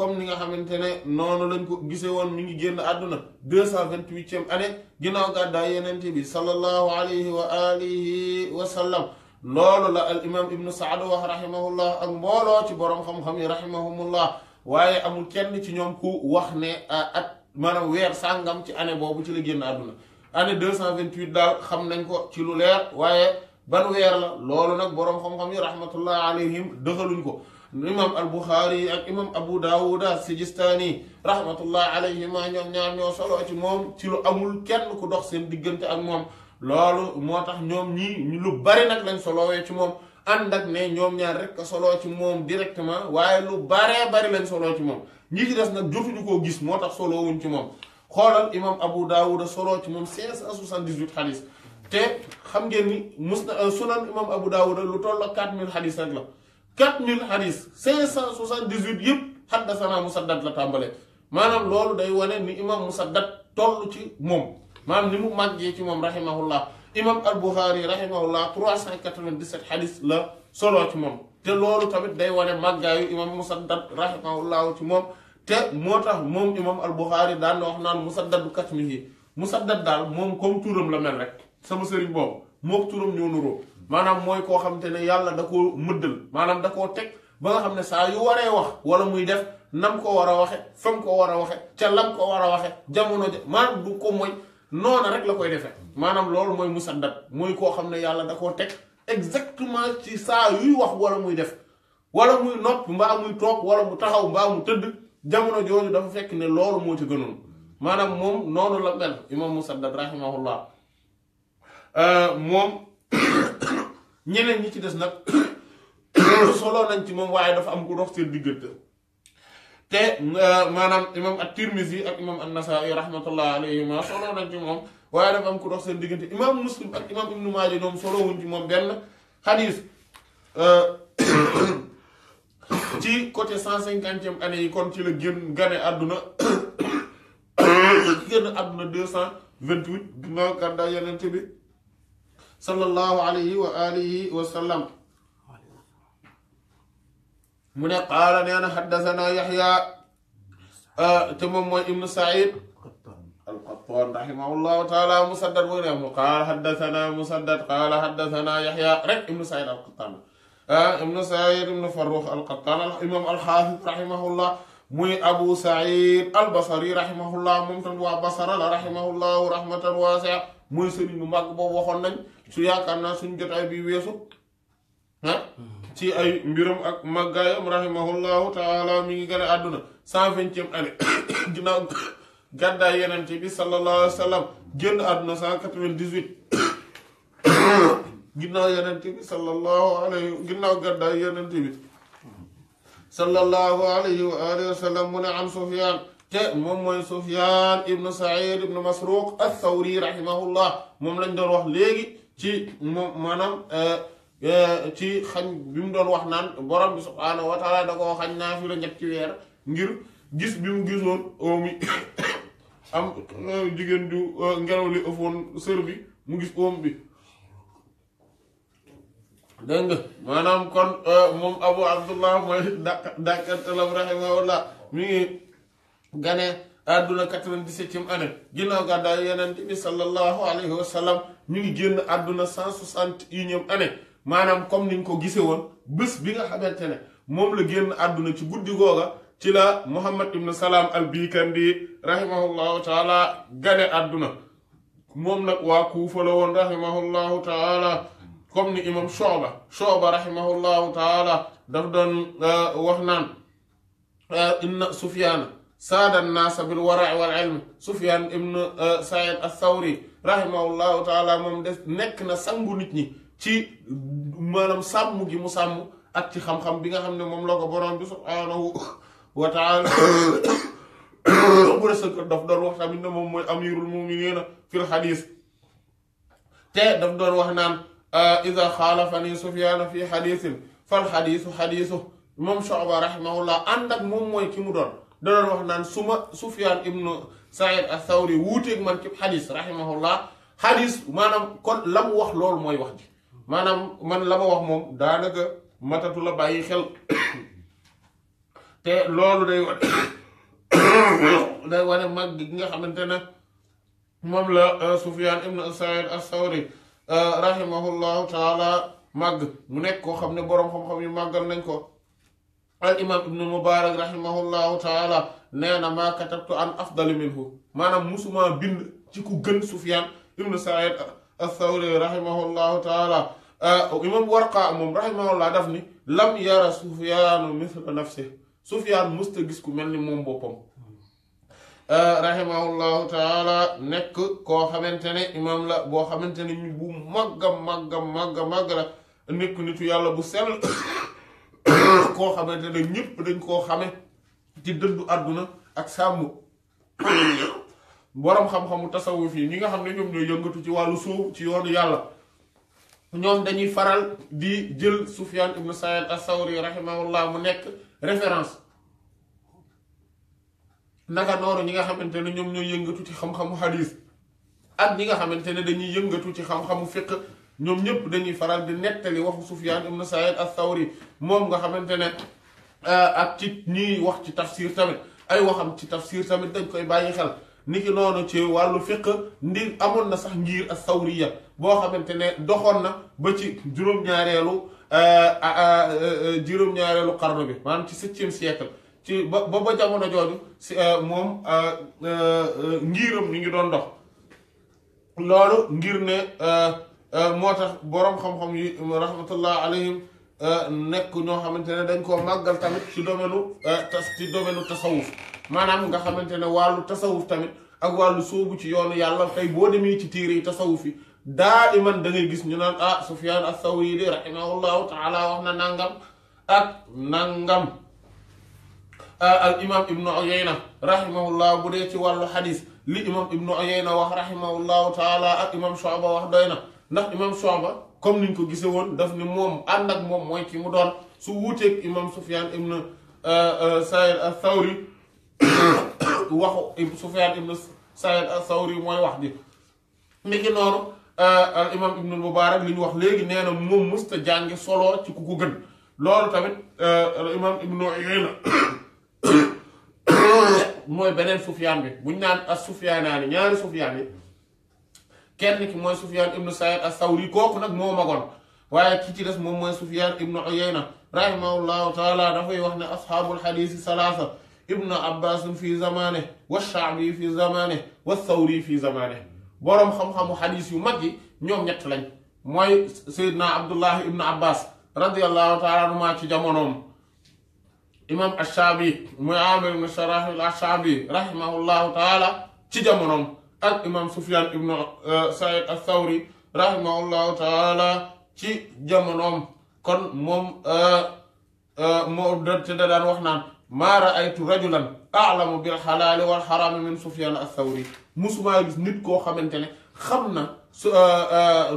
comme ni nga xamante ne noonu lañ ko gisee woon mi ngi génn àdduna deux cent vingt-huitième année ginnaaw gàddaay yenente bi sallallahu alayhi wa alihi wa sallam loolu la al imam ibnu saad wax rahimahullah ak mbooloo ci boroom xam-xam yi rahimahumullah waaye amul kenn ci ñoom ku wax ne at maanaam weer sàngam ci année boobu ci la génn àdduna année deux cent vingt-huit daal xam nañ ko ci lu leer waaye ban weer la loolu nag boroom xam-xam yi rahmatullah alayhim dëxaluñ ko imam al buxaari ak imam abu daawuda sijistaani rahmatullah alayhima ñoom ñaar ñoo solo ci moom ci lu amul kenn ku dox seen diggante ak moom loolu moo tax ñoom ñii lu bari nag lañ solo ci moom ànd ak ne ñoom ñaar rek soloo ci moom directement waaye lu baree bari lañ solo ci moom ñi ci des nag jotuñu koo gis moo tax soloo wuñ ci moom xoolal imam abu daawuda soloo ci moom 578 xadis te xam ngeen ni mus na sunan imam abu daawuda lu toll 4000 xadis rek la quatre mille hadis cinq cent soixante-dix-huit yëpp xaddasana musaddad la tàmbale maanaam loolu day wane ni imam musaddad toll ci moom maanaam ni mu màggee ci moom rahimahullah imam al buxaari rahimahullah trois cent quatre-vingt-dix-sept hadis la solo ci moom te loolu tamit day wane màggaayu imam musaddad rahimahullahu ci moom te moo tax moom imam al buxaari daan na wax naan musaddadu katmihi musaddad daal moom comme turam la mel rek sama sëriñ boobu mook turam ñoo nuroo maanaam mooy koo xam te ne yàlla da koo mëddal maanaam da koo teg ba nga xam ne saa yu waree wax wala muy def nam ko war a waxe fam koo war a waxe ca lam ko war a waxe jamono ja maanaam du ko mooy noona rek la koy defee maanaam loolu mooy musaddat mooy koo xam ne yàlla da koo teg exactement ci saa yuy wax wala muy def wala nopp mbaa muy toog wala mu taxaw mbaa mu tëdd jamono jooju dafa fekk ne loolu moo ci gënoon maanaam moom noonu la mel imam musaddad rahimahullah euh, moom ñeneen ñi ci des nag (coughs) solo nañ ci moom waaye dafa am ku dox seen diggante te euh, maanaam ak at yi ak imam an-Nasaa'i rahmatullah alayhima solo nañ ci moom waaye dafa am ku dox seen diggante imam Muslim ak imam Ibnu Maaja ñoom solo wuñ ci moom benn xadiis euh, (coughs) ci côté cent cinquantième année yi kon ci la génn gane àdduna (coughs) génn àdduna deux cent vingt-huit ginnaaw gàddaay ci bi صلى الله عليه وآله وسلم من قال أنا حدثنا يحيى آه تمم ابن سعيد القطان رحمه الله تعالى مسدد وغيره قال حدثنا مسدد قال حدثنا يحيى رك ابن سعيد القطان ابن سعيد ابن فروخ القطان الإمام الحافظ رحمه الله مي أبو سعيد البصري رحمه الله ممتن waa basara la rahimahullahu rahmatan waasi'a muy sëriñ bu mag boobu su yaakaar naa suñ jotaay bi weesu ah ci ay mbirum ak màggaayam rahimahullahu taala mi ngi gën a àdduna cent vingtième année (coughs) ginnaaw gàddaay yenente bi sallallahu alayhi wa sallam génn àdduna cent quatre-vingt-dix-huit (coughs) ginnaaw yenente bi sallallahu alayhi ginnaaw alayhi wa alihi mu ne am sufyaan te moom mooy sufyaan ibnu said ibnu masruq al thawri rahimahullah moom lañ doon wax léegi ci maanaam euh, euh, ci xañ bi mu doon wax naan borom bi naa fi ci weer ngir gis bi mu gisoon omi (coughs) euh, jigéen ju ngelaw li ëffoon bi mu gis oom bi dégg nga maanaam kon moom abu abdullah mooy dàq dàqantalam rahimahullah mi ngi ganee àdduna 97e année ginnaaw gàddaay yonent bi sallallahu alayhi wa sallam ñu ngi génn àdduna 161e année maanaam comme niñ ko gisee woon bis bi nga xamante ne moom la génn àdduna ci guddi googa ci la Muhammad ibn Salaam al-Bikandi rahimahullahu taala gane àdduna moom na waa Kuufa la woon rahimahullahu taala comme ni imam Shoba Shoba rahimahullahu taala daf doon euh, wax naan euh, inna Sufyaana ساد الناس بالورع والعلم سفيان ibn Saïd al-Thawri rahimahullahu taala moom des nekk na sangu nit ñi ci maanaam sàmm gi mu sàmm ak ci xam-xam bi nga xam ne moom la ko borom bi subhaanahu wa taala bu resal ko daf doon wax tamit ne moom mooy amirul muminina fil xadis te daf doon wax naan ida xaalafani sufiaana fi xadisin fal xadisu xadisu moom Shu'ba rahimahullah ànd ak moom mooy ki mu doon da doon wax naan su ma Sufyaan ibnu Saïd Athawri wuuteeg man cib xadis rahimahullah xadis manam kon la mu wax loolu mooy wax ji maanaam man la ma wax moom daanaka matatu la bàyyi xel te loolu day wane day wane mag gi nga xamante ne la Sufyaan ibnu Saïd Athawri rahimahullahu taala màgg mu nekk koo xam ne xam-xam yi màggal nañ ko الإمام ابن المبارك رحمه الله تعالى نانا ما كتبت عن أفضل منه ما نموس ما بن تكو جن سفيان ابن سعيد الثوري رحمه الله تعالى وإمام آه، ورقة أمم رحمه الله دفني لم يرى سفيان مثل نفسه سفيان مستقس كمان من بوبم رحمه الله تعالى نك كو خمنتني إمام لا بو خمنتني مي بو مغا مغا مغا مغا نك نتو يالا بو سل (coughs) koo xamante ne ñëpp dañ ko xamé ci dëddu aduna ak samu (coughs) borom xam-xamu tasawuf yi ñi nga xam ne ñoom yëngatu ci walu suuf ci yoonu yalla ñom dañuy faral di jël Sufyan ibn sa'id as-Sawri rahimahullah mu nekk référence naka nooru ñi nga xamante ne ñoom yëngatu ci xam-xamu hadis ak ñi nga dañuy yëngatu ci xam-xamu fiqh ñom ñëpp dañuy faral di netali waxu sufyan ibn sa'id ath-thawri mom nga xamantene euh ak ci ñi wax ci tafsir tamit ay waxam ci tafsir tamit dañ koy bàyyi xel niki nonu ci walu fiqh ndir amoon na sax ngir ath sawriya boo xamante ne doxoon na ba ci juroom ñaarelu euh juroom ñaarelu xarnu bi maanaam ci 7e siècle ci ba ba jamono joju mom euh ngiram ñi ngi doon dox lolu ngir ne. euh motax borom xam-xam yi rahmatullah alayhim nek ñoo xamantene dañ ko magal tamit ci domenu tas ci domenu tasawuf manam nga xamantene walu tasawuf tamit ak walu soobu ci yoonu yàlla tay bo demi ci tire yi tasawuf yi daa da ngay gis ñu naan ah sufyan as-Sawri de rahimahullahu taala wax na nangam ak nangam al imam Ibnu Uyayna rahimahullah bu de ci walu hadith li imam Ibnu Uyayna wax rahimahullahu taala ak imam Shu'ba wax doy ndax imam Shu'ba comme niñ ko gisee woon daf ni moom ànd ak moom mooy ki mu doon su wuuteeg imam Sufyaan ibn euh, euh, Sa'id al-Thawri (coughs) waxu Sufyaan ibn Sa'id al-Thawri mooy wax ji mi ki noonu al euh, imam ibn Mubarak li ñu wax léegi nee na moom musta jàngi solo ci ku ko gën loolu tamit al imam ibn Uyayna (coughs) (coughs) mooy beneen Sufyaan bi buñ naan as Sufyaanaani ñaari Sufyaan yi kenn ki moy sufyan ibnu sa'id as-Sawri kooku nak mo magoon waye ki ci dess mom moy sufyan ibnu Uyayna rahimahullahu taala da fay wax ne ashabul hadith salasa ibnu abbas fi zamaane wa sha'bi fi zamaane wa thawri fi zamaane borom xam-xamu hadith yu magi ñom ñoom ñett lañ moy sayyidna abdullah ibnu Abbas radiyallahu taala ma ci jamonom imam ash shabi muamir Aamir sharah al ash-Shaabi rahimahullahu taala ci jamonom الإمام سفيان ibnu Saïd al-Thawri rahimahullahu taala ci jamonoom kon moom moo te da daan wax naan maa raaytu rajulan aalamu bil xalaali wal xaraami min Sufyaan as-Sawri musumaa gis nit koo xamante ne xam na su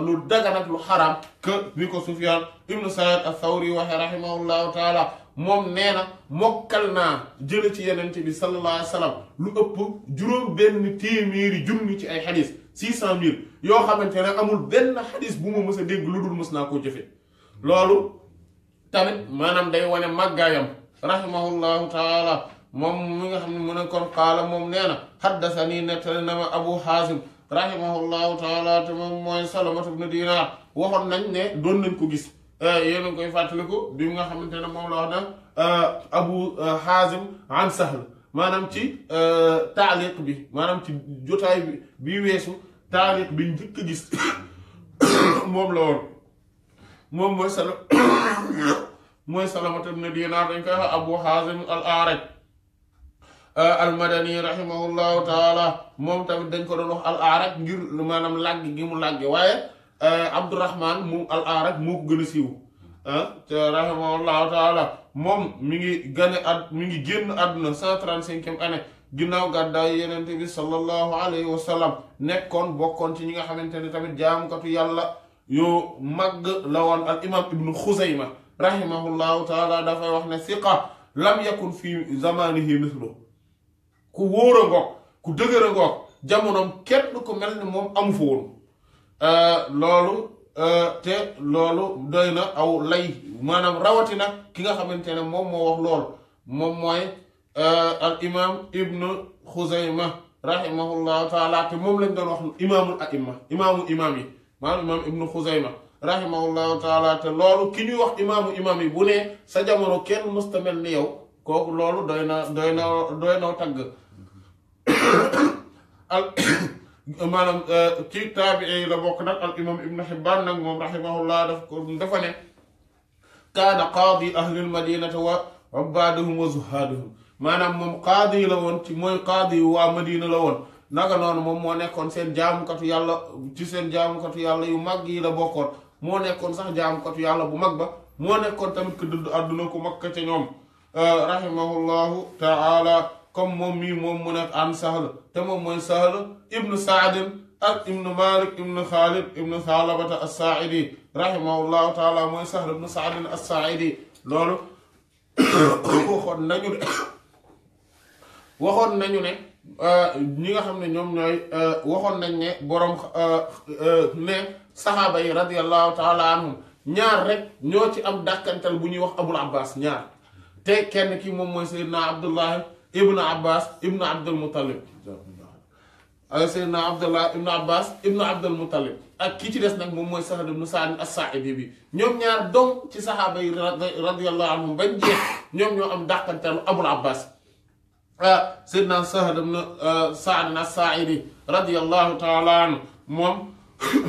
lu dagan ak lu xaraam que bi ko Sufyaan ibnu Saïd al-Thawri waxe rahimahullahu taala moom nee na mokkal naa jële ci yenente bi sallallahu alayhi wa sallam lu ëpp juróom benn téeméeri junni ci ay xadis six cent mille yoo xamante ne amul benn xadis bu ma mës a dégg lu dul mës naa koo jëfe loolu tamit maanaam day wane màggaayam rahimahullahu taala moom mi nga xam ne mu ne kon qaala moom nee na haddasanii nettali na ma abu xaasim rahimahullahu taala te moom mooy salamatu bnu dinaar waxoon nañ ne doon nañ ko gis Euh, yéen a ngi koy fàttaliku bi nga xamante ne moom la wax naan euh, Abu euh, Hazim an Sahl maanaam ci taaliq bi maanaam ci jotaay bi bii weesu taaliq bi njëkk gis (coughs) moom la woon moom mooy sala (coughs) mooy Salamata dañ koy wax Abu Hazim al Aaraj almadani dañ ko doon wax al Aaraj ngir maanaam làgg mu làgge waaye Euh, Abdourahman mu al Arak moo ko gën siiw rahimahullahu taala moom mu ngi gane at mi ngi génn àdduna cent trente-cinquième année ginnaaw gàddaay yenente bi sallallahu alayhi wa nekkoon bokkoon ci ñi nga xamante ne tamit jaamukatu yàlla yoo màgg la woon al imam ibnu xuzayma rahimahullahu taala dafay wax ne siqa lam yakun fi zamanihi mislu ku wóor a ku dëgër a ngoog jamonoom kenn ku mel ni moom amu fa woon Euh, loolu euh, te loolu doy na aw lay maanaam rawatina ki nga xamante ne moom moo wax loolu moom mooy euh, al imaam ibnu xuzayma rahimahullahu taala te moom lañ doon wax imaamul aima imaamu imaam yi maanaam imaam ibnu xuzayma rahimahullahu loolu ki ñuy wax imaamu imaam yi bu ne sa jamono kenn mësta mel ni yow kooku loolu doy na doy na doy na tagg (coughs) maanaam euh, ci taabi'e yi la bokk nag al imam ibnu xibbaan nag moom rahimahullah daf ko dafa ne kaana qaadi ahlil madinata wa ubaaduhum wa zuhaaduhum maanaam moom qaadi la woon ci mooy qaadi waa madina la woon naka noonu moom moo nekkoon seen jaamukatu yàlla ci seen jaamukatu yàlla yu mag yi la bokkoon moo nekkoon sax jaamukatu yàlla bu mag ba moo nekkoon tamit ku du àdduna ku mag ca ñoom euh, rahimahullahu comme moom mii moom mu nekk an sahl te moom mooy sahl ibnu saadin ak ibnu malik ibnu xaalid ibnu xaalabata assaidi rahimahullahu taala mooy sahl ibnu saadin assaidi loolu waxoon nañu ne waxoon nañu ne ñi nga xam ne ñoom ñooy waxoon nañ ne boroom ne saxaaba yi radiallahu taala anhum ñaar rek ñoo ci am dàkkantal bu ñuy wax abul abbas ñaar te kenn ki moom mooy sayyidna abdullahi ibnu abbas ibnu abdul muttalib seydna abdullah ibnu abbas ibnu abdul muttalib ak kii ci des nag moom mooy sahad ibnu saadin as-saaidi bi ñoom ñaar dong ci saxaaba yi radiallahu anhum bañ jeex ñoom ñoo am dàqanteelu abul abbas ah, seydna sahad ibnu ah, saadin as-saaidi radiallahu taala anhu moom (coughs)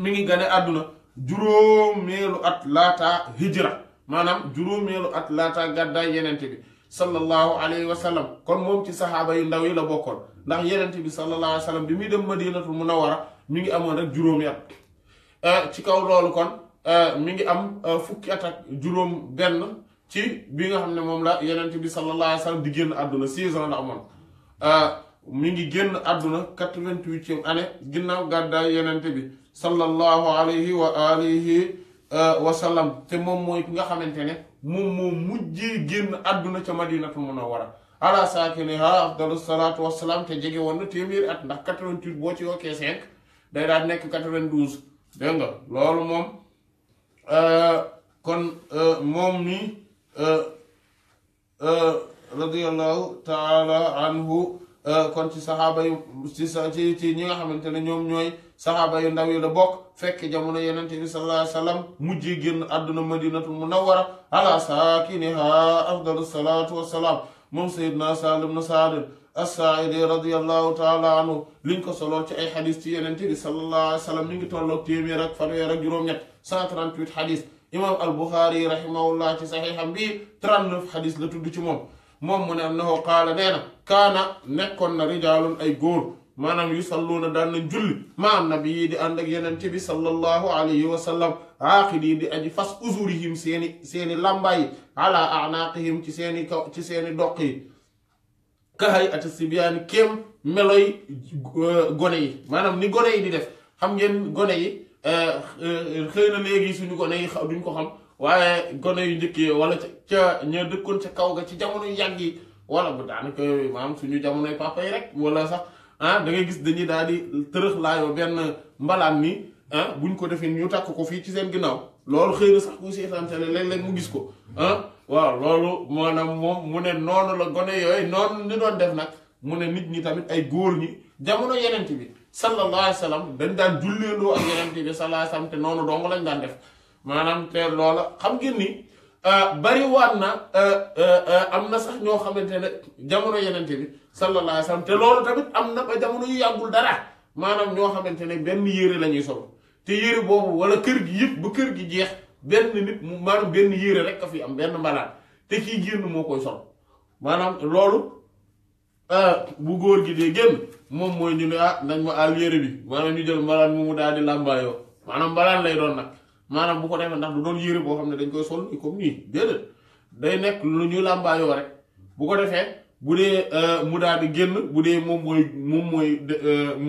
mi ngi gane àdduna juróomeelu at laata hijra maanaam juróomeelu at laata gàddaay yenente bi sallallahu alayhi wa sallam kon moom ci saxaaba yu ndaw yi la bokkoon ndax yenent bi sallallahu alayhi wa bi muy dem madinatul munawwara mi ngi amoon rek juróomi at euh, ci kaw loolu kon euh, mi ngi am euh, fukki at ak juróom benn ci bi nga xam ne moom la yenent bi sallallahu alayhi wa sallam génn àdduna six ans la mi ngi génn àdduna quatre-vingt-huitième année ginnaaw gàddaay yenent bi sallallahu alayhi wa alihi wa sallam te moom mooy ki nga xamante ne moom moo mujjee génn àdduna ca madinatul munawwara ala saakinihaa afdalu salaatu wassalaam te jege woon na téeméeri at ndax 88 boo ci yokkee 5 day daal nekk 92 dégg nga loolu moom euh, kon euh, moom ni euh, radiyallahu taala anhu kon ci saxaaba yi ci ci ñi nga xamante ne ñoom ñooy saxaaba yu ndaw yi la bokk fekk jamono yenente bi sallallahu alayhi wa sallam mujjee génn àdduna madinatul munawwara ala saakiniha afdalu salaatu wassalaam moom sayidna salim na saadin assaidi radiallahu taala anhu liñ ko soloo ci ay xadis ci yenente bi sallallahu alayhi wa sallam ñu ngi tolloog téeméer ak fanweer ak juróom-ñett 138 xadis imam al buxaari rahimahullah ci saxiixam bi 39 xadis la tudd ci moom moom mu ne annahu qaala nee na kaana nekkoon na rijaalun ay góor maanaam yu salluuna daan na julli ma nabi yi di ànd ak yeneen ci bi sallallahu alayhi wa sallam kii yi di aji fas uzurihim seeni seeni làmbaay ala anaaqihim ci seeni kaw ci seeni doq yi kahay ati sibiyaani kéem meloy uh, gone yi maanaam ni gone yi di def xam ngeen gone yi uh, xëy na léegi suñu gone yi duñ ko xam waaye gone yu njëkkee wala ca ña dëkkoon ca kaw ga ci jamono yàgg yi wala bu daanaka maanaam suñu jamonoy papa rek wala sax ah da ngay gis dañuy daal di tërëx laayoo benn mbalaan nii ah buñ ko defee ñu takk ko fii ci seen ginnaaw loolu xëy na sax ku seetaan télé léeg-léeg mu gis ko ah, waaw loolu maanaam moom mu ne noonu la gone yooyu noonu ni doon def nag mu ne nit ñi tamit ay góor ñi jamono yenent bi sallallahu alayhi wa sallam dañ daan julleendoo ak yenent bi sallallahu alayhi te noonu dong lañ daan def maanaam te loola xam ngeen ni Euh, bari waat na euh, euh, am na sax ñoo xamante ne jamono yenente bi sallallahu alayhi wa sallam te loolu tamit am na ba jamono yu yàggul dara maanaam ñoo xamante ne benn yére lañuy ñuy sol te yére boobu wala kër gi yëpp ba kër gi jeex benn nit mu maanaam benn yére rek a fi am benn mbalaan te kii génn moo koy sol maanaam loolu bu góor gi dee génn moom mooy ñu ne ah nañ ma àll yére bi maanaam ñu jël mbalaan mu mu daal di làmbaayoo maanaam mbalaan lay doon nag maanaam bu ko demee ndax du doon yére boo xam ne dañ koy sol comme nii déedéet day nekk lu ñu làmbaayoo rek bu ko defee bu dee euh, mu daal di génn bu dee moom mooy moom mooy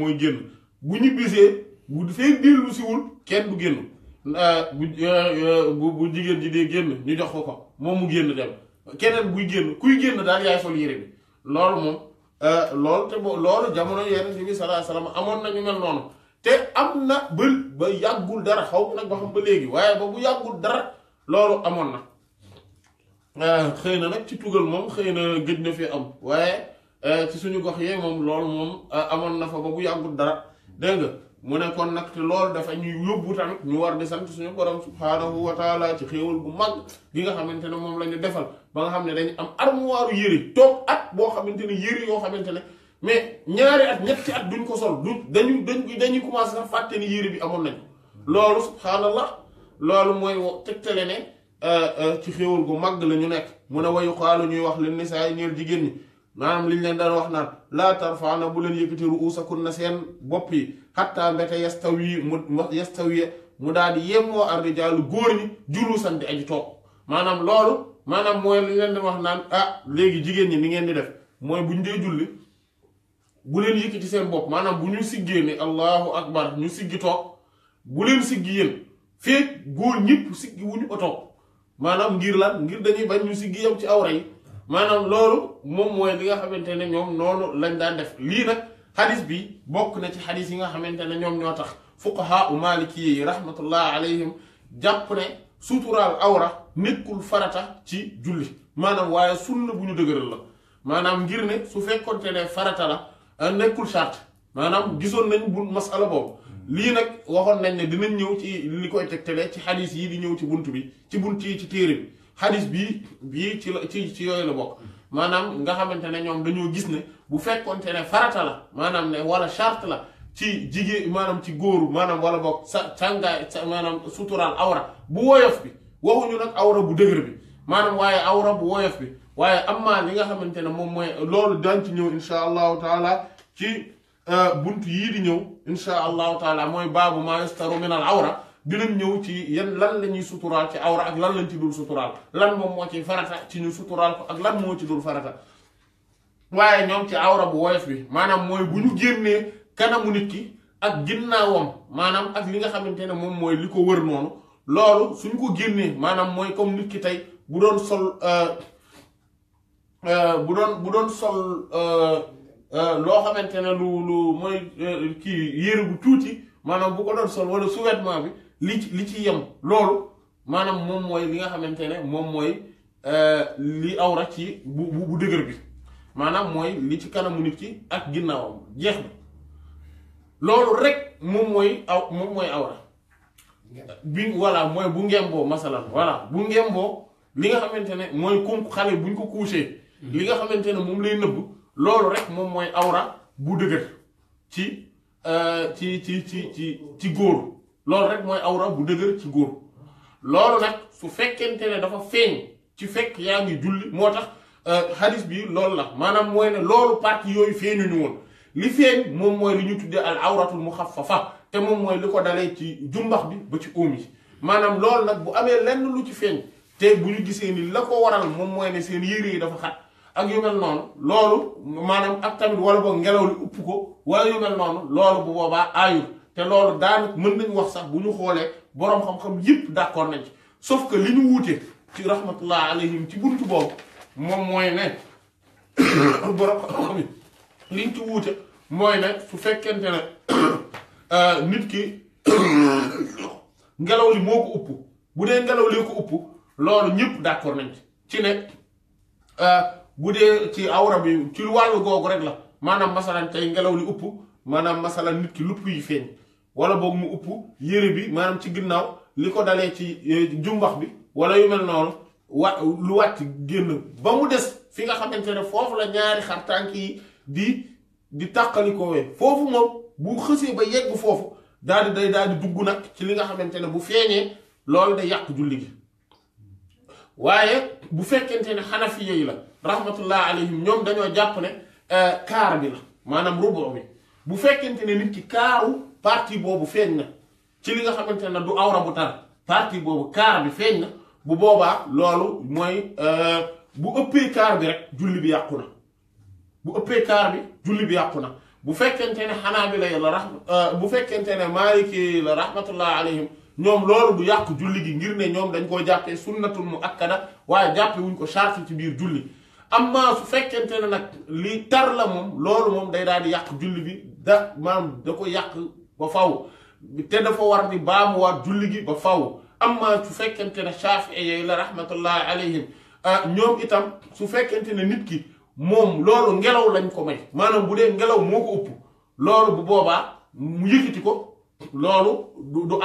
euh, génn bu ñu bu fee dellu siwul kenn du génn euh, bu bu jigéen ji dee génn ñu jox ko moom mu génn dem keneen buy génn kuy génn daal yaay sol yére bi loolu moom loolu te boo loolu jamono yeneen bi sallallahu alayhi wasallam amoon nañu mel noonu te am na ba ba yàggul dara xaw ma nag ba xam ba léegi waaye ba bu yàggul dara loolu amoon na euh, xëy na nag ci tugal moom xëy na gëj na fi am waaye euh, ci suñu gox yee moom loolu moom euh, amoon na fa ba bu yàggul dara dégg nga mu ne kon nag te loolu dafa ñuy yóbbu tamit ñu war di sant suñu borom subhaanahu wa taala ci xéewal bu mag gi nga xamante ne moom la defal ba nga xam ne dañu am armoire yére toog at boo xamante ne yére yoo xamante ne. mais ñaari at ñetti at duñ ko sol du dañu dañu dañuy commencé fàtte ni yére bi amoon nañu loolu subhaanallah loolu mooy tegtale ne euh, euh, ci xéwal gu màgg la ñu nekk mu ne wayu xaalu ñuy wax leen nisaay ñeel jigéen ñi maanaam liñ leen daan wax naan laa tarfaana bu leen yëkkati ru'usakunna na seen bopp yi xattaa mbete yastawi mu yastawi mu daal di yemmoo ar-rijaalu góor ñi julu san di aji toog maanaam loolu maanaam mooy liñ leen di wax naan ah léegi jigéen ñi ni ngeen di def mooy buñ dee julli bu leen yëkkati seen bopp maanaam bu ñu siggee ne allahu akbar ñu siggi toog bu leen siggi yéen feeg góor ñëpp siggi wu ñu ko maanaam ngir lan ngir dañuy ba ñu siggi yam ci awra yi maanaam loolu moom mooy li nga xamante ne ñoom noonu lañ daan def lii nag xadis bi bokk na ci xadis yi nga xamante ne ñoom ñoo tax fuqahaa u maaliki yi rahmatullah alayhim jàpp ne suturaal awra nekkul farata ci julli maanaam waaye sunna bu ñu dëgëral la maanaam ngir ne su fekkonte ne farata la Euh, nekkul charte maanaam gisoon nañ bu masala boobu hmm. lii nag waxoon nañ ne dinañ ñëw ci li koy le ci xadis yii di ñëw ci bunt bi ci bunt yi ci téere bi xadis bii ci la ci ci yooyu bokk hmm. maanaam nga xamante ne ñoom dañoo gis ne bu fekkonte ne farata la maanaam ne wala chart la ci jigéen maanaam ci góoru maanaam wala bokk sa càngaay maanaam suturaal awra bu woyof bi waxuñu nag awra bu dëgër bi maanaam waaye awra bu woyof bi waaye amaa li nga xamante ne moom mooy loolu daan ci ñëw insha allahu taala ci euh, bunt yii di ñëw insha allahu taala mooy baabu maa yastaru min al awra dinañ ñëw ci yan lan la ñuy suturaal ci awra ak lan lañ ci dul suturaal lan moom moo ci farata ci ñu suturaal ko ak lan moo ci dul farata waaye ñoom ci awra bu woyof bi maanaam mooy bu ñu génnee kanamu nit ki ak ginnaawam maanaam ak li nga xamante ne moom mooy li ko wër noonu loolu suñ ko génnee maanaam mooy comme nit ki tey bu doon sol euh, Euh, bu doon bu doon sol euh, euh, loo xamante ne lu lu mooy kii yére bu tuuti maanaam bu ko doon sol wala sous-vêtement bi li li ci yem loolu maanaam moom mooy li nga xamante ne moom mooy li awra ci bu bu dëgër bi maanaam mooy li ci kanamu nit ki ak ginnaawam jeex bi loolu rek moom mooy aw awra bi voilà mooy bu ngemboo masalan voilà bu ngemboo li nga xamante ne mooy kum xale buñ ko couché li nga xamante ne moom lay nëbb loolu rek moom mooy awra bu dëgër ci euh, ci ci ci ci ci góor loolu rek mooy awra bu dëgër ci góor loolu nag su fekkente ne dafa feeñ ci fekk yaa ngi julli moo tax euh, hadis bi lool la maanaam mooy ne loolu partie yooyu feeñuñu woon li feeñ moom mooy li ñu tuddee al awratul muxaffafa te moom mooy li ko dalee ci jumbax bi ba ci óom yi maanaam loolu nag bu amee lenn lu ci feeñ te bu ñu gisee ni la ko waral moom mooy ne seen yére yi dafa xat ak yu mel noonu loolu maanaam ak tamit wala boog ngelaw li upp ko wala yu noonu loolu bu boobaa aayul te loolu daanaka mën nañ wax sax bu ñu xoolee boroom xam-xam yépp d'accord nañ ci sauf que li ñu wuute ci rahmatullah alayhim ci buntu boobu moom mooy ne (coughs) boroom xam-xam yi liñ ci wuute mooy ne su fekkente ne (coughs) euh, nit ki (coughs) ngelaw li moo ko upp bu dee ngelaw li ko upp loolu ñépp d'accord nañ ci ci euh, bu dee ci awra bi ci wàllu googu rek la maanaam masalan tey ngelaw li upp maanaam masalan nit ci lupp yi feeñ wala boog mu upp yére bi maanaam ci ginnaaw li ko dalee ci eh, jumbax bi wala yu mel noonu wa lu wàcc génn ba mu des fi nga xamante ne foofu la ñaari xar tànk yi di di tàqalikoowee foofu moom bu xësee ba yegg foofu daal di day daal di dugg nag ci li nga xamante ne bu feeñee loolu day yàq julli gi waaye bu fekkente ne xanafi yooyu la rahmatullah alayhim ñoom dañoo jàpp ne euh, kaar bi la maanaam rubo bi bu fekkente ne nit ki kaaru partie boobu feeñ na ci li nga xamante ne du awra bu tar partie boobu kaar bi feeñ na bu boobaa loolu mooy euh, bu ëppee kaar bi rek julli bi yàqu na bu ëppee kaar bi julli bi yàqu na bu fekkente ne xanaa bi la rax euh, bu fekkente ne maaliki la rahmatullah alayhim ñoom loolu bu yàq julli gi ngir ne ñoom dañ koo jàppee sunnatul mu akkana waaye jàppe wuñ ko charte ci biir julli amma su fekkente ne nag li tar la moom loolu moom day daal di yàq julli bi da maanaam da ko yàq ba faw te dafa war di baamuwaat julli gi ba faw amma su fekkente ne Shaafi'i yooyu la rahmatullahi alayhim ah, ñoom itam su fekkente ne nit ki moom loolu ngelaw lañ ko may maanaam bu dee ngelaw moo ko ëpp loolu bu boobaa mu yëkkati ko loolu du du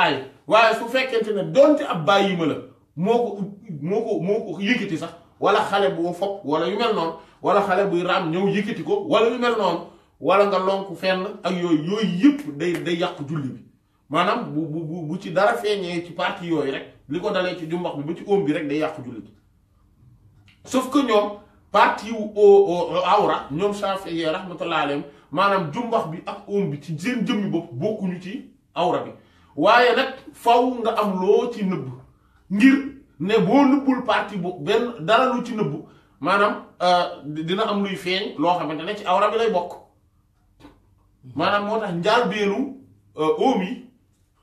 waaye su fekkente ne donte ab bàyyi ma la moo ko moo ko moo ko yëkkati sax wala xale boo fopp wala yu mel noonu wala xale buy raam ñëw yëkkati ko wala yu mel noonu wala nga lonk fenn ak yooyu yooyu yëpp day day yàqu julli bi maanaam bu bu bu ci dara feeñee ci partie yooyu rek li ko dalee ci jumbax bi ba ci óom bi rek day yàq julli bi sauf que ñoom parti wu awra ñoom Shafi'i rahmatullah alayhim maanaam jumbax bi ak óom bi ci seen jëmmi bopp bokkuñu ci awra bi waaye nag faw nga am loo ci nëbb ngir ne boo nëbbul parti bu benn dara ci nëbb maanaam euh, dina am luy feeñ loo xamante ne ci awra bi lay bokk maanaam moo tax njaal beenu euh, oom yi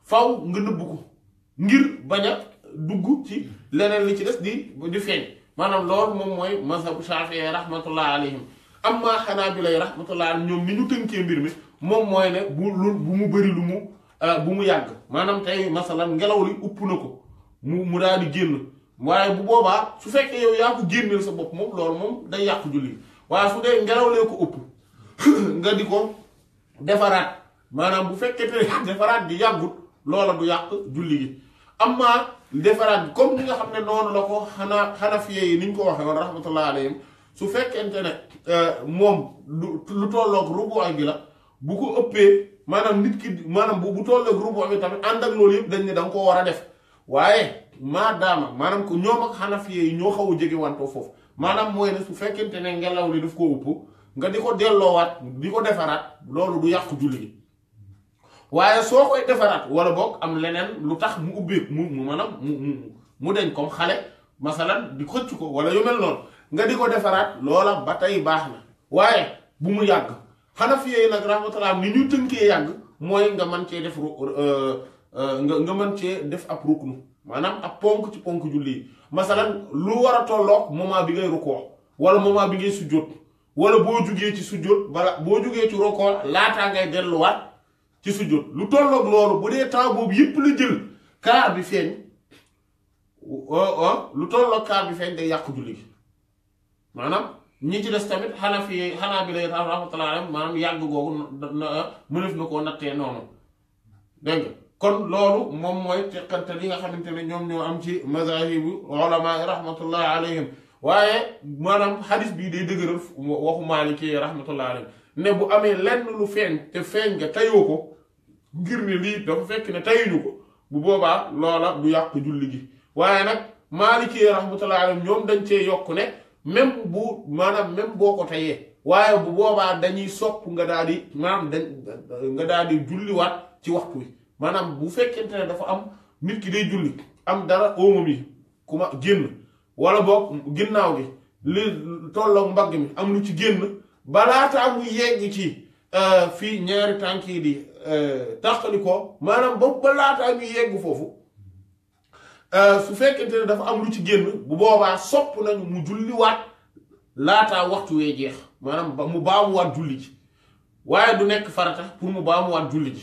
faw nga nëbb ko ngir bañ dugg ci leneen li ci des di di feeñ maanaam loolu moom mooy mazhabu Shaafi'i rahmatullah alayhim amma Hanaabila rahmatullah alayhim ñoom ni ñu tënkee mbir mi moom mooy ne bu lu bu mu bëri lu mu Euh, bu mu yàgg maanaam tey masalan ngelaw li upp na ko mu mu daal di génn waaye bu boobaa su fekkee yow yaa ko génneel sa bopp moom loolu moom day yàqu julli waaye su dee ngelaw lee ko upp (laughs) nga di ko defaraat maanaam bu fekkee (laughs) defaraat bi yàggut loola du yàq julli gi amma defaraat bi comme ni nga xam ne noonu la ko xanaa xanafiye yi ni ñu ko waxee woon rahmatullah alayhim su fekkente ne euh, moom lu tolloog rubu ak gi la bu ko ëppee maanaam nit ki maanaam bu bu toll ak rubu tamit ànd ak loolu yëpp dañ ne da koo war a def waaye maa maadaama maanaam ku ñoom ak xanafiye yi ñoo xaw a jege wantoo foofu maanaam mooy ne su fekkente ne ngelaw li daf koo upp nga di ko delloowaat di ko defaraat loolu du yàqu julli waaye soo koy defaraat wala boog am leneen lu tax mu ubbeek mu mu maanaam mu mu mu deñ xale masalan di xëcc ko wala yu mel noonu nga di ko defaraat loola ba tey baax na waaye bu mu yàgg. yi nak rahmatullah ni ñu tënkee yag moy nga man ci def euh, euh, nga nga man ci def ap ruknu manam ap ponk ci ponk julli masalan lu wara a tolloog moment bi ngay ruko wala moment bi ngay sujud wala bo jugee ci sujud wala bo jugee ci rukkoo laataa ngay wat ci sujud lu tolloog lolu bu dé temps bob yépp euh, lu jël kaar bi o lu bi feeñ day yak julli manam ñi ci des tamit xanafi yi xanaa bi lay rahmatullahi alayhim maanaam yàgg googu mënef na koo nattee noonu dégg kon loolu moom mooy teqante li nga xamante ne ñoom ñoo am ci mazahibu ulama yi rahmatullahi alayhim waaye maanaam xadis bii day dëgëral waxu maaliki yi rahmatullahi alayhim ne bu amee lenn lu feeñ te feeñ nga tayoo ko ngir ne lii dafa fekk ne tayuñu ko bu boobaa loola du yàq julli gi waaye nag maaliki yi rahmatullahi alayhim ñoom dañ cee yokk ne même bu maanaam même boo ko tayee waaye bu boobaa dañuy sopp nga daal di maanaam dañ nga daal di julliwaat ci waxtu wi maanaam bu fekkente ne dafa am nit ki day julli am dara óomam yi ku ma génn wala boog ginnaaw bi li tolloog mbagg mi am lu ci génn balaataa muy yegg ci euh, fii ñaari tànk yi di euh, tàqali ko maanaam boobu balaataa muy foofu Euh, su fekkente ne dafa am ci génn bu boobaa sopp nañu mu julliwaat laataa waxtu wee jeex maanaam ba mu baamuwaat julli ji du nekk farata pour mu baamuwaat julli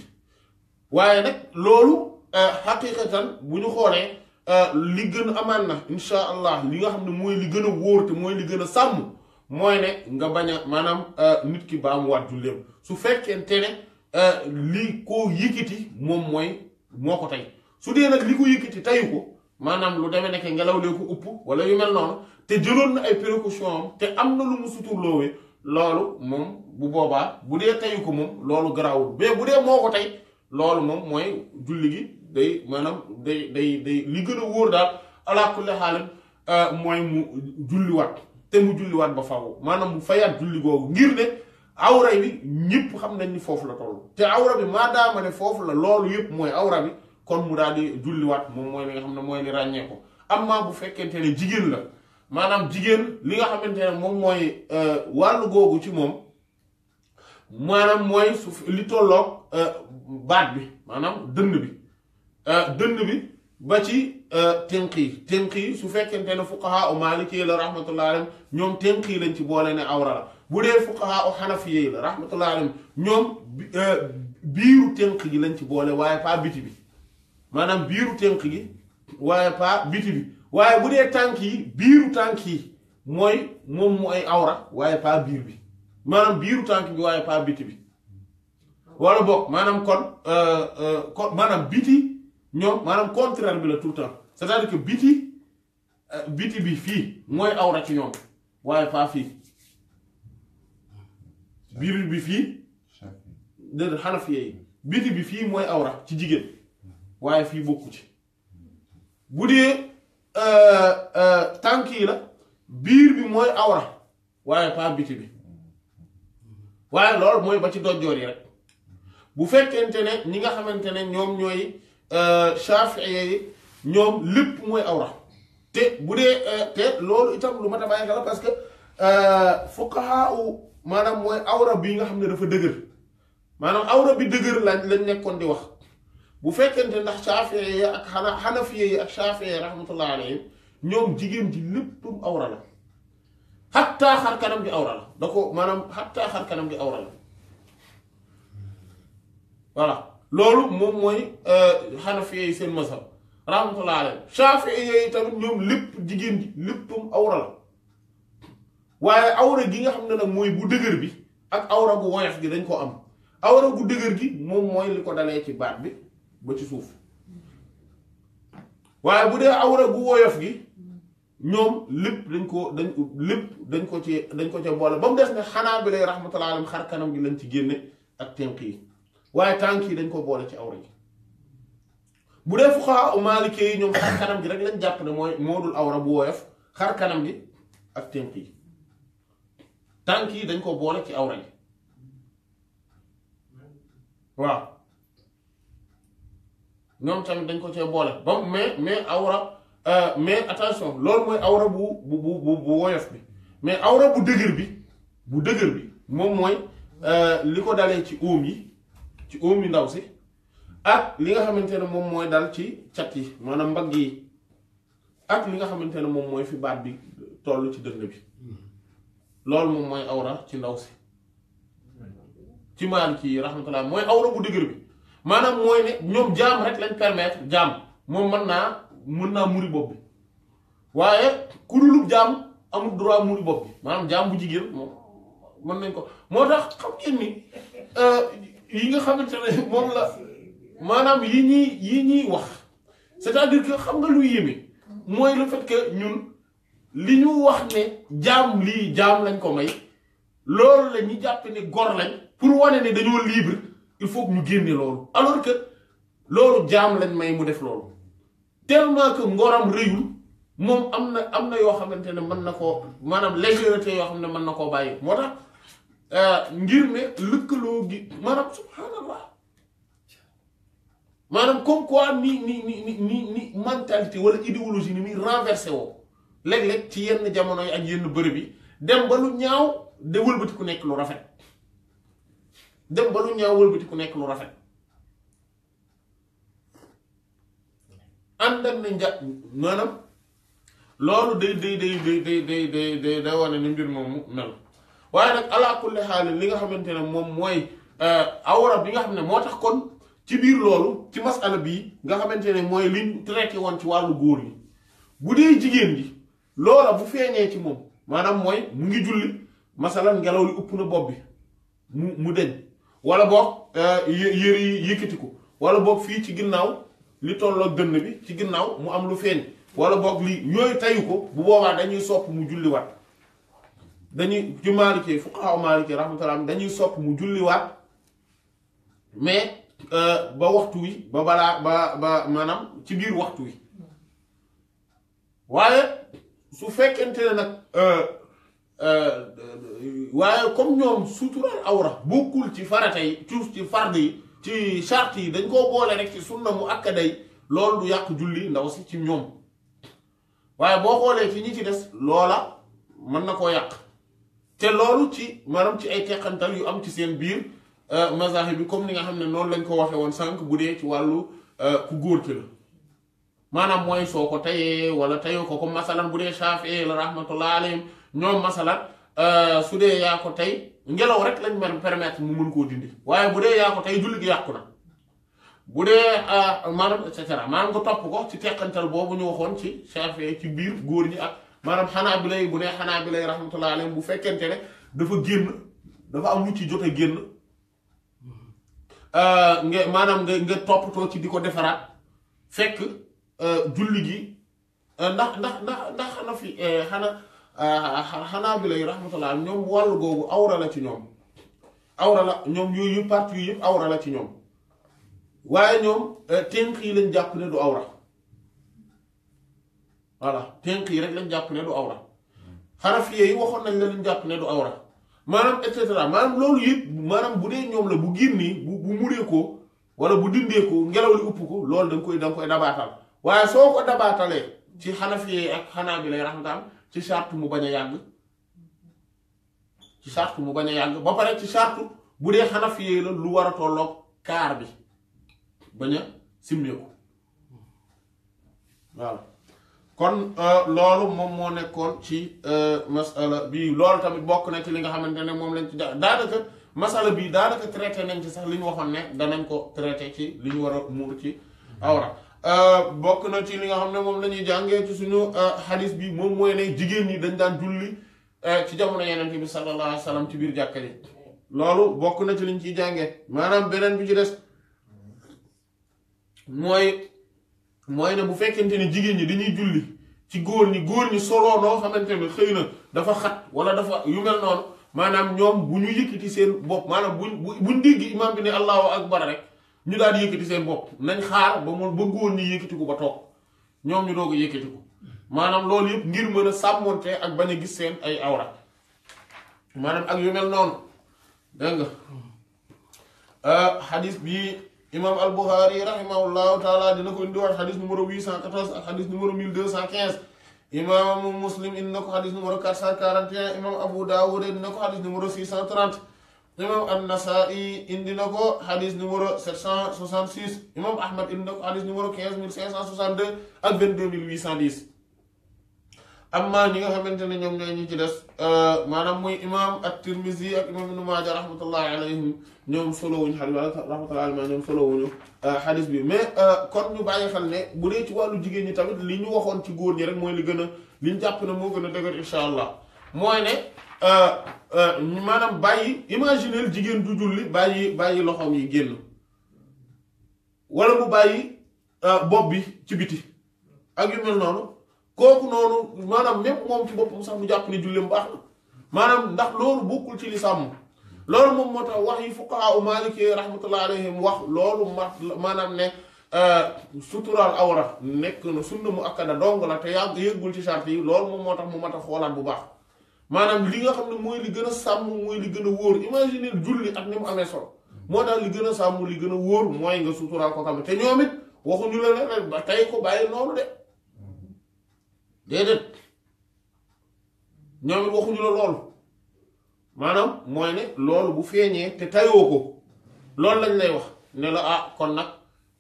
waaye nag loolu euh, xaqiqatan bu ñu xoolee euh, li gën a amaan li nga xam ne mooy li gën a wóor mooy li gën a sàmm mooy nga bañ a maanaam nit ki baamuwaat julleem su fekkente ne li ko yëkkati moom mooy moo ko tey su dee nag li ko yëkkati teyu ko. maanaam lu demee nekk ngelaw lee ko upp wala yu mel noonu te jëloon na ay précaution am te am na lu mu suturloowee loolu moom bu boobaa bu dee teyu ko moom loolu garaawul mais bu dee moo ko tey loolu moom mooy julli gi day maanaam day day day li gën daal ala kulli xaalim euh, mu julliwaat te mu julliwaat ba faw maanaam mu fayaat julli googu ngir ne awra bi ñëpp xam nañ ni foofu la toll te awra bi maadaama ne foofu la loolu yëpp mooy awra bi kon mu daal di julliwaat moom mooy li nga xam ne mooy li ràññee ko amma bu fekkente ne jigéen la maanaam jigéen li nga xamante ne moom mooy euh, wàllu googu ci moom maanaam mooy su li tollook euh, baat bi maanaam dënd bi euh, dënd bi ba ci tënk yi tënk yi su fekkente ne fuqaha u maliki la rahmatullah alayhim ñoom tënk yi lañ ci boole ne awra la bu dee fuqaha u xanafi yi la rahmatullah alayhim ñoom biiru tënk yi lañ ci boole waaye pas biti bi maanaam biiru tënk gi waaye pas biti bi waaye bu dee tànk yi biiru tànk yi mooy moom mooy awra waaye pas biir bi maanaam biiru tànk bi waaye pas biti bi wala boog maanaam kon euh, euh, kon maanaam biti ñoom maanaam contraire bi la tout le temps c'est-à-dire que biti euh, bi fii mooy awra ci ñoom waaye pas fii biir bi fii déedéet xanaa fi biti bi fii mooy awra ci jigéen waaye fii bokku ci bu dee euh, euh, tànk yi la biir bi mooy awra waaye pas biti bi waaye loolu mooy ba ci dojjoor yi rek bu fekkente ne ñi nga xamante ne ñoom ñooy euh, shafiye yi ñoom lépp mooy awra te bu dee te loolu itam lu ma a bàyyi xel parce que fuqaha u maanaam mooy awra bii nga xam ne dafa dëgër maanaam awra bi dëgër lañ lañ nekkoon di wax bu fekkente ndax shafii yi ak hanafiyé yi ak shafii rahmatullah alayhim ñom jigen ji leppum awra la hatta xar kanam gi awra la dako manam hatta xar kanam gi awra la voilà lolu mom moy xanafiye yi seen masal rahmatullah alayhim shafii yi tam ñom lépp jigen ji leppum awra la waye awra gi nga xamne nak moy bu dëgër bi ak awra bu woyof gi dañ ko am awra gu dëgër gi mom moy liko dalé ci baat bi ba ci suuf waaye bu dee awra gu woyof gi ñoom lépp dañ ko dañ lépp dañ ko ci dañ ko ci boole ba mu des ne xanaa bi lay rahmatullahi xar kanam gi lañ ci génne ak tenq yi waaye tànk yi dañ ko boole ci awra ji bu dee fuqaha u yi ñoom gi rek lañ jàpp ne mooy moo awra bu woyof xar kanam gi ak tenq yi tànk yi dañ ko boole ci awra waaw ñoom tamit dañ ko cee boole ba mais mais awra euh, mais attention loolu mooy awra bu bu bu bu woyof bi mais awra bu dëgër bi bu dëgër moom mooy euh, li ko dalee ci óom yi ci óom yi ndaw si ak li nga xamante ne moom mooy dal ci cat maanaam mbagg yi ak li nga xamante ne moom mooy fi baat bi toll ci dënd bi loolu moom mooy awra ci ndaw si ci maal kii rahmatullah mooy awra bu dëgër bi maanaam mooy ne ñoom jaam rek lañ permettre jaam moom mën naa mën naa muri bopp bi waaye ku dulub jaam amul droit muri bopp bi maanaam jaam bu jigéen moom mën nañ ko moo tax xam ngeen euh, yi nga xamante ne moom la maanaam yi ñuy yi ñuy wax c'est-à-dire que xam nga lu yéeme mooy le fait ñun li ñu wax ne jaam lii jaam lañ ko may loolu la ñu jàpp ne gor lañ pour wane ne dañoo libre il faut ñu génne loolu alors que loolu jaam lañ may mu def loolu tellement que ngoram rëyul moom am na am na yoo xamante ne mën na ko maanaam légèreté yoo xam ne mën na koo bàyyi moo tax euh, ngir ne lëkkaloo gi maanaam subhaanallah maanaam comme quoi ni ni ni ni ni ni mentalité wala idéologie muy renversé woo léeg-léeg ci yenn jamono yi ak yenn bërëb yi dem ba lu ñaaw de wëlbati ku nekk lu rafet dem ba lu ñaaw wëlbati ku nekk lu rafet ànd ak na nja maanaam loolu day day day day day day day day wane ni mbir moomu mel waaye nag ala kulli xaal li nga xamante ne moom mooy eh, awra bi nga xam ne moo tax kon ci biir loolu ci masala bii nga xamante ne mooy liñ traité woon ci wàllu góor yi bu dee jigéen ji loola bu feeñee ci moom maanaam mooy mu ngi julli masalan ngelaw li upp na bopp bi mu mu deñ wala boog euh, yére yi yëkkatiku wala boog fii ci ginnaaw li tolloo dënn bi ci ginnaaw mu am lu feeñ wala boog lii yooyu tayu ko bu boobaa dañuy sopp mu julliwaat dañuy ci Maalikee dañuy sopp mu julliwaat mais euh, ba waxtu wi ba balaa ba ba maanaam ci biir waxtu wi waaye su fekkente ne nag euh, Euh, waaye comme ñoom suturaal awra bokkul ci farata yi cuuf ci fard yi ci chart yi dañ koo boole rek ci sunna mu akkaday loolu du yàq julli ndaw si ci ñoom waaye boo xoolee ci ñi ci des loola mën na koo yàq te loolu ci maanaam ci ay teqantal yu am ci seen biir euh, mazahib bi comme ni nga xam ne noonu lañ ko waxee woon sànq bu dee ci wàllu euh, ku góor ki la maanaam mooy soo ko tayee wala teyoo ko comme masalan bu dee Shaafi'i la rahmatullah ñoom masala euh, su dee yaa ko tey ngelaw rek lañ mën permettre mu mun koo dindi waaye bu dee yaa ko tey julli gi yàqu na bu dee euh, maanaam et cetera maanaam ko topp ko ci teqantal boobu ñu waxoon ci chafe ci biir góor ñi ak maanaam xanaa bi lay bu nee xanaa bi lay rahmatullah alayhi bu fekkente ne dafa génn dafa am lu ci jot a génn euh, nga maanaam nga nga toppatoo ci di ko defaraat fekk julli gi ndax ndax ndax ndax xana fi xana Ah, xanaa bi lay rahmatullah ñoom wàllu googu awra la ci ñoom awra la ñoom yooyu yëpp parti yooyu yëpp awra la ci ñoom waaye ñoom eh, tënk yi lañ jàpp ne du awra voilà tënk yi rek lañ jàpp ne du awra xaraf yi waxoon nañ la lañ jàpp ne du awra maanaam et maanaam loolu yëpp maanaam bu dee ñoom la bu génnee bu bu muree ko wala bu dindee ngelaw li upp ko loolu da koy da koy dabaatal waaye soo ko dabaatalee ci xanaf yi ak xanaa bi lay rahmatullah ci sartu mu baña a ci sartu mu baña a ba pare ci sartu budé xanaf yee la lu wara a kar bi baña a ko voilà kon euh, lolu mom mo nekkon ci euh, masala bi lolu tamit bok na ci li nga xamantene mom lañ ci daanaka masala traité nañ ci sax ne danañ ko traité ci Euh, bokk na ci li nga xam ne moom la jàngee ci suñu xadis euh, bi moom mooy ne jigéen ñi dañ daan julli euh, ci jamono yeneen bi sallallahu alayhi ci biir jàkka loolu bokk na ci liñ ciy jàngee maanaam beneen bi ci des mooy mooy ne bu fekkente ni jigéen ñi dañuy julli ci góor ñi góor ñi soloo xamante ne xëy na dafa xat wala dafa yu mel noonu maanaam ñoom bu ñu yëkkati seen bopp maanaam buñ buñ dégg imaam bi ne allahu akbar rek ñu daal di yëkkati seen boobu nañ xaar ba mu ba góor ñi yëkkatiku ba toog ñoom ñu doog a ko maanaam loolu yëpp ngir mën a sàmmoon sàmmonte ak bañ a gis seen ay awra maanaam ak yu mel noonu nga xadis euh, bi imam al buxaari rahimahullahu taala dina ko indiwaat xadis numéro 814 ak xadis numéro 1215. imam muslim indi ko xadis numéro 441 imam abu daawud dina ko xadis numéro 630. am an-Nasa'i indi na ko xadis numéro 766 imam Ahmad indi na ko xadis numéro 15562 ak 22810 amma ñi nga xamante ne ñoom ñooy ñu ci des euh, maanaam muy imam at-Tirmizi ak imam Ibn Maaja rahmatullahi alayhim ñoom solo wuñu xadis rahmatullahi alayhim ñoom solo wuñu xadis euh, bi mais euh, kon ñu bàyyi xel ne bu dee ci wàllu jigéen ñi tamit li ñu waxoon ci góor ñi rek mooy li gën a li ñu jàpp na moo gën a dëgër incha allah mooy ne. Euh, euh, maanaam bàyyi imaginer jigéen du julli bàyyi bàyyi loxoom yi génn wala bu bàyyi euh, bopp bi ci biti ak yu mel noonu kooku noonu maanaam même moom ci boppam sax mu jàpp ne julleem baax na maanaam ndax loolu bokkul ci li sàmm loolu moom moo tax wax yi fuqahaa u Maaliki rahmatullah mu wax loolu ma maanaam ne suturaal awra nekk na sunna mu akkada dong la te yàgg yëggul ci charte yi loolu moom moo tax mu mat a xoolaat bu baax maanaam li nga xam ne mooy li gën a sàmm mooy li gën a wóor imaginer julli ak ni mu amee solo moo daal li gën a sàmm li gën a wóor mooy nga suturaal ko tamit te ñoom it waxuñu la ne rek ba tey ko bàyyi noonu de déedéet ñoom it waxuñu la loolu maanaam mooy ne loolu bu feeñee te tayoo ko loolu lañ lay wax ne la ah kon nag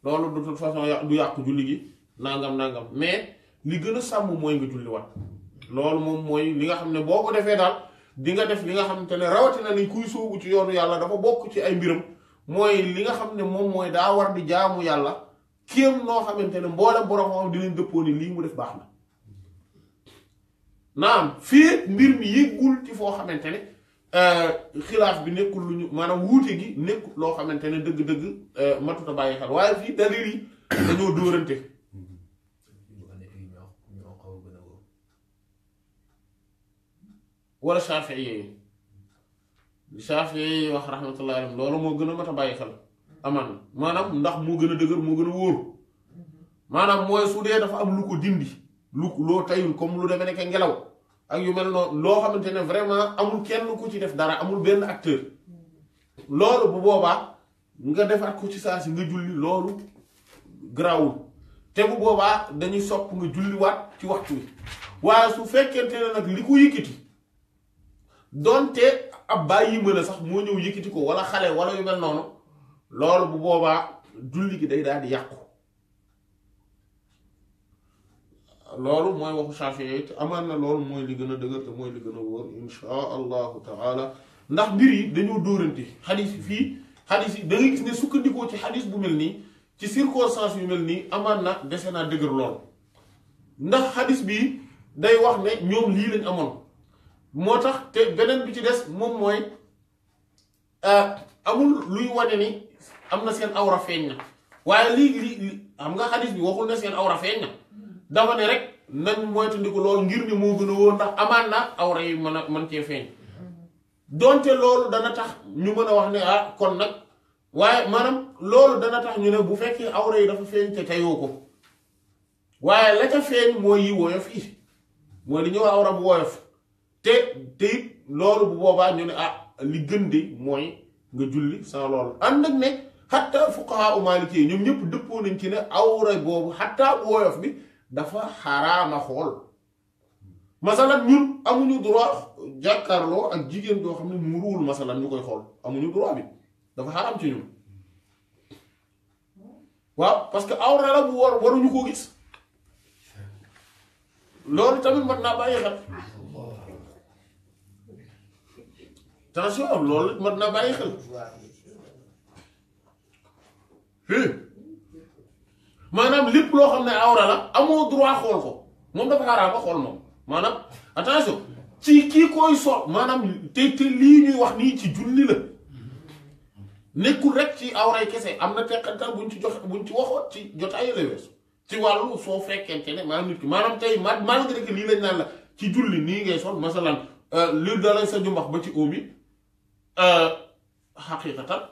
loolu de toute façon du yàqu julli gi nangam nangam mais li gën a sàmm mooy nga julli wat loolu moom mooy li nga xam ne boo ko defee daal di nga def li nga xamante ne rawatina ni kuy soobu ci yoonu yàlla dafa bokk ci ay mbiram mooy li nga xam ne moom mooy daa war di jaamu yàlla kéem noo xamante ne mboolem borom moom dinañ dëppoo ni lii mu def baax na naam fii mbir mi yëggul ci foo xamante ne euh, xilaaf bi nekkul lu ñu maanaam wuute gi nekkul loo xamante ne dëgg-dëgg euh, matuta bàyyi xel waaye fii dalil yi dañoo dóorante wala Shaafi'i yi li yi wax rahmatullahi alayhim loolu moo gën a mat a bàyyi xel amaan maanaam ndax moo gën a dëgër moo gën a wóor maanaam mooy su dee dafa am lu ko dindi lu loo tayul comme lu demee nekk ngelaw ak yu mel noonu loo xamante ne vraiment amul kenn ku ci def dara amul benn acteur loolu bu boobaa nga defaat ko ci saa si nga julli loolu garaawul te bu boobaa dañuy sopp nga julliwaat ci waxtu wi waaye su fekkente ne nag li ko yëkkati doonte ab bàyyi mën a sax moo ñëw yëkkati ko wala xale wala yu mel noonu loolu bu boobaa julli gi day daal di yàqu loolu mooy waxu Shaafi'i amaan na loolu mooy li gën a dëgër te mooy li gën insha allahu taala ndax mbir yi dañoo dóorante xadis fii xadis yi da gis ne sukkandikoo ci xadis bu mel nii ci circonstance yu mel nii amaan na dese naa dëgër lool ndax xadis bii day wax ne ñoom lii lañ amoon moo tax te beneen bi ci des moom mooy euh, amul luy wane ni am na seen awra feeñ na waaye lii lii xam nga xadis bi waxul ne seen awra feeñ na dafa ne rek nañ moytandiku loolu ngir ni moo gën a wóor amaan na awra yi mën a mën cee feeñ donte loolu dana tax ñu mën a wax ne ah kon nag waaye maanaam loolu dana tax ñu ne bu fekkee awra yi dafa feeñ te teyoo ko waaye la ca feeñ mooy yi woyof yi mooy li ñëw awra bu woyof te te loolu bu boobaa ñu ne ah li gën de mooy nga julli sans loolu ànd ak ne xatta fuqaha u maliki ñoom ñëpp dëppoo nañ ci ne awra boobu xatta woyof bi dafa xaraama xool masalan ñun amuñu droit jàkkaarloo ak jigéen doo xam ne muuruwul masalan ñu koy xool amuñu droit bi dafa xaraam ci ñun waaw parce que awra la bu war waruñu ko gis loolu tamit mat naa bàyyi xel tension loolu mën naa bàyyi xel fii maanaam lépp loo xam ne awra la amoo droit xool ko moom dafa xaaraa ba xool moom maanaam attention si kii koy sol maanaam te te lii ñuy wax nii ci julli la nekkul rek ci awray kese am na teqantal buñ ci joxe buñ ci waxoon ci jotaay la weesu ci wàllu soo fekkente ne maanaam nit ki maanaam tey malgré que lii lañ naan la ci julli nii ngay sol masalan euh, lu dalay sa jumbax ba ci óom yi xaqiiqatan euh,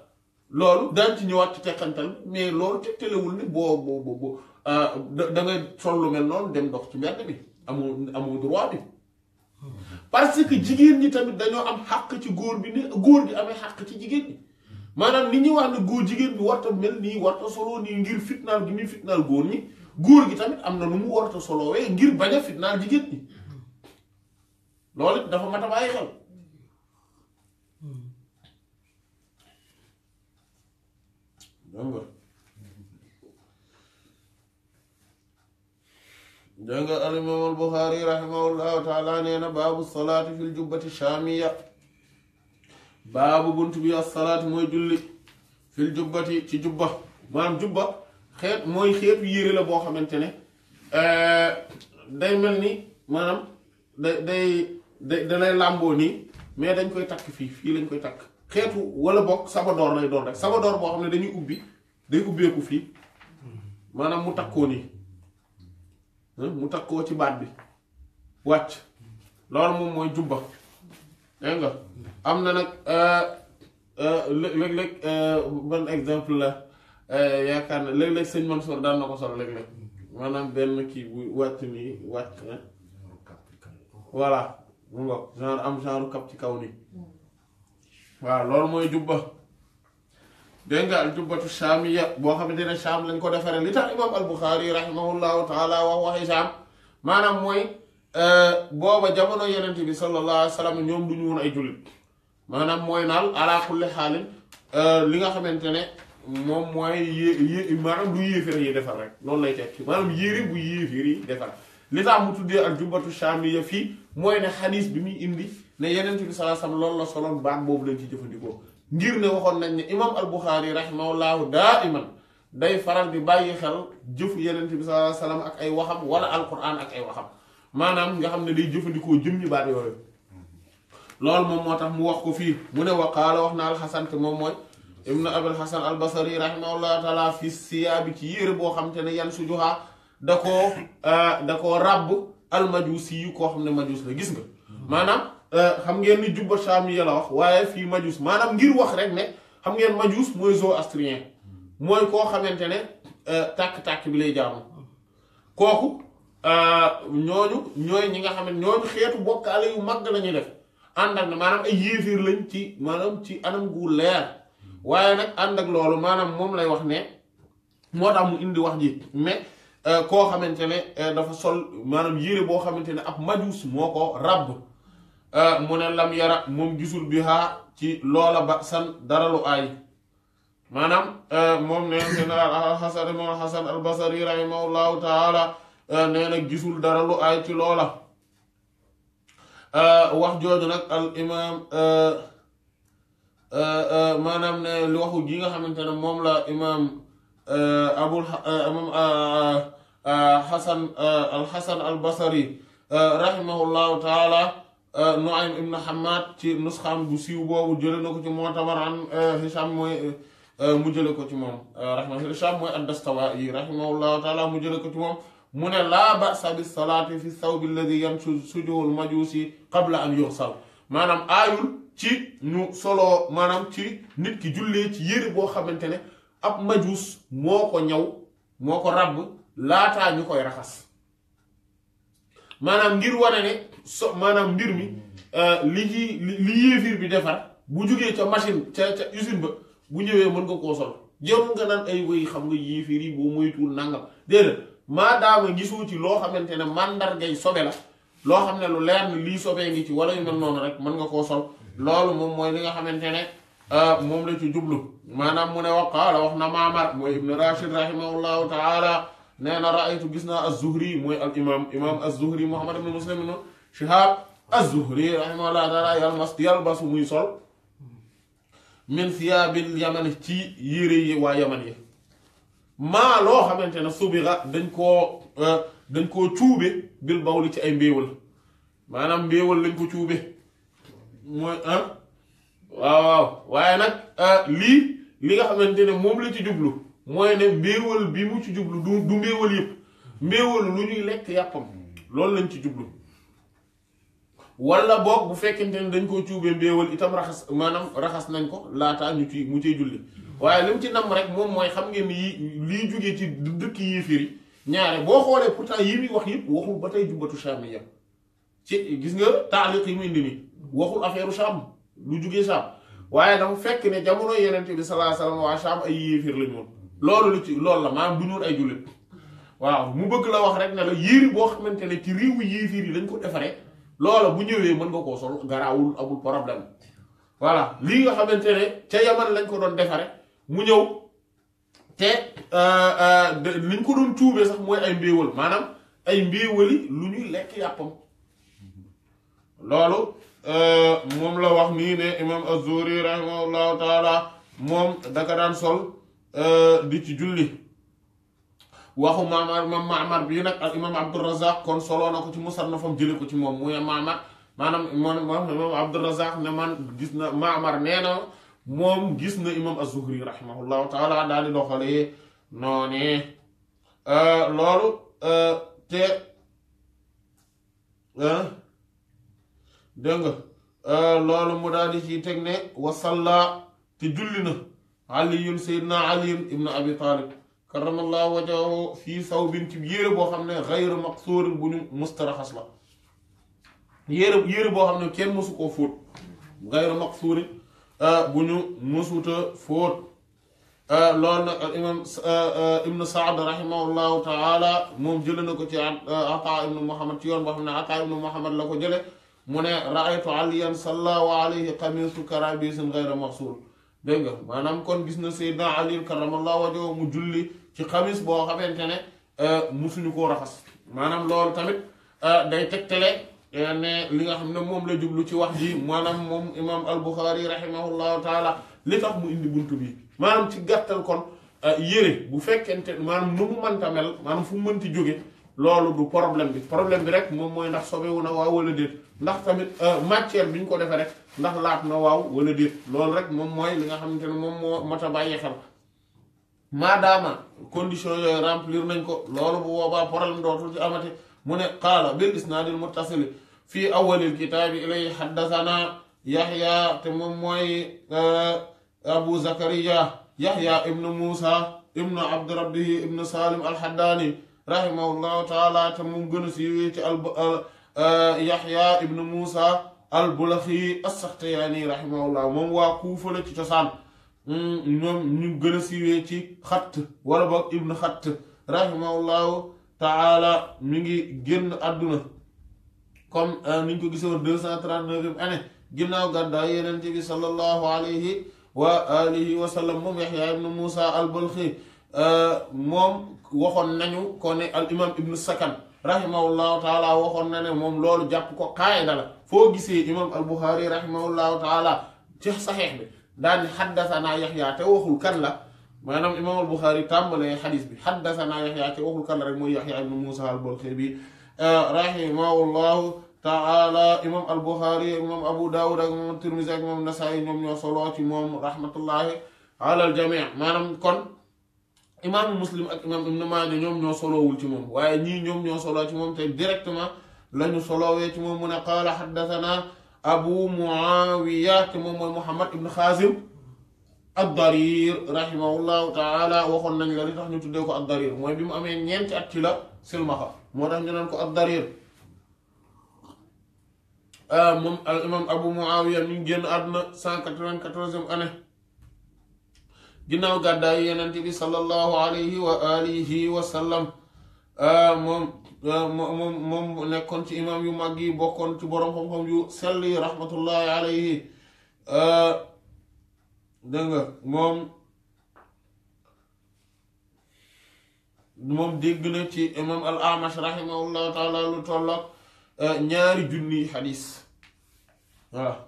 loolu daan ci ñëwaat ci tekkantal mais loolu tegtalewul ni boo boo boo euh, da ngay sol lu mel noonu dem dox ci mbedd bi amoo amoo droit bi parce que jigéen ñi tamit dañoo am xàq ci góor bi ni góor bi amee xàq ci jigéen ñi maanaam li ñuy wax góor jigéen bi warta mel nii warta soloo nii ngir fitnaal gi muy fitnaal góor ñi góor gi tamit am na lu mu warta soloowee ngir bañ a fitnaal jigéen ñi loolu dafa mat a bàyyi dégg nga al imaam al buxaari rahimahullahu baabu salaati fil jubbati shaamiya baabu bunt bi asalaati mooy julli fil jubbati ci jubba maanaam jubba xeet mooy xeet yére la boo xamante ne eh, day mel ni maanaam day day da dalay làmboo nii mais dañ koy takk fii fii lañ koy takk xeetu wala boog sabadoor lay doon rek sabadoor boo xam ne dañuy ubbi day ubbeeku fii maanaam mu takkoo nii mu takkoo ci baat bi wàcc loolu moom mooy jubba dégg nga am na nag euh, euh, léeg euh, exemple la yaakaar na léeg-léeg sëñ Mansour daan na ko solo léeg-léeg maanaam benn wàcc nii wàcc genre am genre kap ci kaw nii waaw loolu mooy jubba dégg nga al jubbatu saamiya boo xamante ne saam lañ ko defaree li tax imaam al buxaari rahimahullahu taala wax waxi saam maanaam mooy euh, booba jamono yenente bi sallallahu alayhi wa ñoom du ñu woon ay jullit maanaam mooy naan ala kulli xaalin euh, li nga xamante ne moom mooy yé maanaam du yéefir yi defar rek loolu lay tekki maanaam yére bu yéefir yi defar li tax mu tuddee al jubbatu saamiya fii mooy ne xadiis bi muy indi ne yeneen bi sallallahu alayhi loolu la soloon baat boobu lañ ci jëfandikoo ngir ne waxoon nañ ne imam al-Bukhari rahimahullahu daa iman day faral di bàyyi xel jëf yeneen bi sallallahu alayhi ak ay waxam wala alquran ak ay waxam maanaam nga xam ne day jëfandikoo jëm ñu baat loolu moom moo tax mu wax ko fii mu ne waqaala wax na alxasan te moom mooy ibnu abul xasan albasari rahimahullahu taala fi siyaabi ci yére boo xam te ne yan sujuha da koo euh, da koo ràbb almajusi yu koo xam ne majus la gis nga maanaam Euh, xam ngeen ni jubba saam yi la wax waaye fii majus maanaam ngir wax rek ne xam ngeen majus mooy zoroastrien mooy koo xamante ne euh, tàkk-tàkk bi lay jaamu kooku euh, ñooñu ñooy ñi nga xam ne ñooñu xeetu bokkaale yu mag la def ànd maanaam ay yéeféer lañ ci maanaam ci gu leer waaye nag ànd ak loolu maanaam moom lay wax ne moo tax mu indi wax ji mais koo xamante ne dafa sol maanaam yére boo xamante ne ab majus moo ko ràbb mu lam yara mom gisul bi haa ci lola ba san dara lu aay maanaam moom nee général alxasan imam alxasan albasari rahimahullahu taala nee gisul daralu ay ci lola wax jooju nak al imam manam ne li waxu gi nga xamantene mom la imam abul imam hasan al albasari rahimahullahu taala Euh, Nuaym ibn Hamad ci nusxaam bu siw boobu jële na ko ci Mu'tamar an euh, Hisham mooy euh, mu jële ko ci moom rahimahullah Hisham mooy ad-Dastawaa'i rahimahullahu taala mu jële ko ci moom mu ne laa ba'sa bis salaati fi thawbi alladhi yanshujuhu al-majuusi qabla an yughsal maanaam aayul ci ñu solo maanaam ci nit ki jullee ci yére boo xamante ne ab majuus moo ko ñaw moo ko ràbb laataa ñu koy raxas maanaam ngir wane so maanaam mbir mi euh, li ci li yéefir bi defar bu jugee ca machine ca ca usine ba bu ñëwee mën nga koo sol jëm nga naan ay woy xam nga yéefir yi boo moytuwul nangam déedéet maadaama gisoo ci loo xamante ne màndargay sobe la loo xam ne lu leer na lii sobee ngi ci wala yu mel noonu rek mën nga koo sol loolu moom mooy li nga xamante ne euh, moom la ci jublu maanaam mu ne wa qaala wax na maamar mooy ibn rachid rahimahullahu taala nee na raaytu gis naa az-zuhri mooy al imam imam az-zuhri muhammad ibn muslim Shihaab az-Zuhri rahimahullah taala yalmas yalbasu muy sol min siyaabil yamani ci yére yi waa yaman yi maa loo xamante ne subira dañ koo euh, dañ koo cuube bil bawli ci ay mbéewal maanaam mbéewal lañ ko cuube mooy ah waaw nag euh, lii li nga xamante ne moom la ci jublu mooy ne bi mu ci jublu du du lu ñuy lekk lañ ci jublu wala boog bu fekkente ne dañ koo cuubee mbéewal itam raxas maanaam raxas nañ ko laataa ñu ci mu ciy julli waaye li ci nam rek moom mooy xam ngeen ni jugee jógee ci dëkk yi firi ñaare boo xoolee pourtant yi muy wax yëpp waxul ba tey jubbatu Sham yi ci gis nga taaliq yi muy indi nii waxul affaire Sham lu jugee Sham waaye dafa fekk ne jamono yeneen bi sallallahu alayhi wasallam waa Sham ay yéefir lañ woon loolu lu ci lool la maanaam du ñuul ay jullit waaw mu bëgg la wax rek ne la boo xamante ne ci réewu yéefir lañ ko defaree. loola bu ñëwee mën nga koo sol garaawul amul problème voilà lii nga xamante ne ca yaman lañ ko doon defare mu ñëw te euh, euh, liñ ko doon cuubee sax mooy ay mbéewal maanaam ay mbéewali lu ñuy lekk yàppam loolu euh, moom la wax nii ne imam azuri rahimahullahu taala moom daka daan sol di ci julli waxu maamar imam maamar bii nag ak imam abdourazaq kon soloo na ko ci musannafam jële ko ci moom muy maamar maanaam moom imam abdourazaq ne man gis na maamar nee na gis na imam az-zuhri rahimahullahu taala di doxalee noonu euh, loolu euh, te euh, dégg nga loolu mu daal di ciy teg ne wasalla julli na aliyun sayyidina aliyun ibnu abi talib كرم الله وجهه في ثوب كبير بو خامني غير مقصور بن مسترخص لا يير يير بو خامني كين مسوكو فوت غير مقصور ا آه، بن مسوتا فوت ا آه، لول نك امام آه، ابن سعد رحمه الله تعالى موم جيل نكو تي عطاء ابن محمد يور بو خامني عطاء ابن محمد لاكو جيل مون رايت عليا صلى الله عليه قميص كرابيس غير مقصور dégg nga maanaam kon gis na Seydina Ali karamallahu wajhahu mu julli ci xamis boo xamante ne euh, musuñu koo raxas maanaam lool tamit euh, day tegtale euh, ne li nga xam ne moom la jublu ci wax ji maanaam moom imaam al-Bukhari rahimahullahu taala li tax mu indi bunt bi maanaam ci gàttal kon yére bu fekkente maanaam nu mu mënta mel maanaam fu mu mënti jóge lolu du problème bi problème bi rek mom moy ndax sobewu na waaw wala déet ndax tamit matière biñ ko defé rek ndax laat na waaw wala déet lolu rek mom moy li nga xamante mom mo mata baye xam madama condition yooyu remplir nañ ko lolu bu woba problème do ci amati muné qala bil isnadil muttasil fi awwal al kitab ilay hadathana yahya te moy mooy abu zakariya ibn musa muusa ibnu abdirabbihi ibnu salim alxaddaani rahimahullahu taala te mu gën a siiwee ci al Yaxya ibnu Muusa al euh, Bulaxi as-Saxtiyaani rahimahullah moom waa Kuufa la ci cosaan hmm, ñoom ñu gën a siiwee ci xatt wala boog ibnu xatt rahimahullahu taala mi ngi génn àdduna comme euh, ni ñu ko gisee woon deux cent trente-neuvième année ginnaaw gàddaay Yonent bi sallallahu alayhi wa alihi wa sallam moom Yaxya ibnu Muusa al Bulaxi euh, moom waxoon nañu ko ne al imam ibnu sakan rahimahullahu taala waxoon na ne moom loolu jàpp ko qaayida la foo gisee imam al buxaari rahimahullahu taala ci saxeex bi daal di xaddasanaa yaxyaa te waxul kan la maanaam imam al buxaari tàmbalee xadis bi xaddasanaa yaxyaa te waxul kan la rek mooy yaxyaa ibnu muusa al bolxebi rahimahullahu taala imam al buxaari ak moom abu daawud ak moom tirmisi ak moom nasaayi moom ñoo soloo ci moom rahmatullahi ala al jamii maanaam kon imam muslim ak imam ibn maaja ñom ñoo wul ci mom waye ñi ñom ñoo solo ci mom te directement lañu we ci mom mu ne qala hadathana abu muawiyah te mom moy muhammad ibn khazim ad-darir rahimahullahu taala waxon nañ la li tax ñu tuddé ko ad-darir moy bimu amé ñent ñeenti at ci la silmaxa mo tax ñu nan ko ad-darir mom al imam abu muawiyah ñu génn àdduna 194e annee ginnaaw gàddaayu yonent bi sallallahu alayhi wa alihi wa sallam ah, ah, moom nekkoon ci imaam yu mag yi bokkoon ci boroom xam-xam yu sell rahmatullahi alayhi ah, dégg moom moom dégg na ci imaam al amash rahimahullahu taala lu tollook ñaari junniy xadis waaw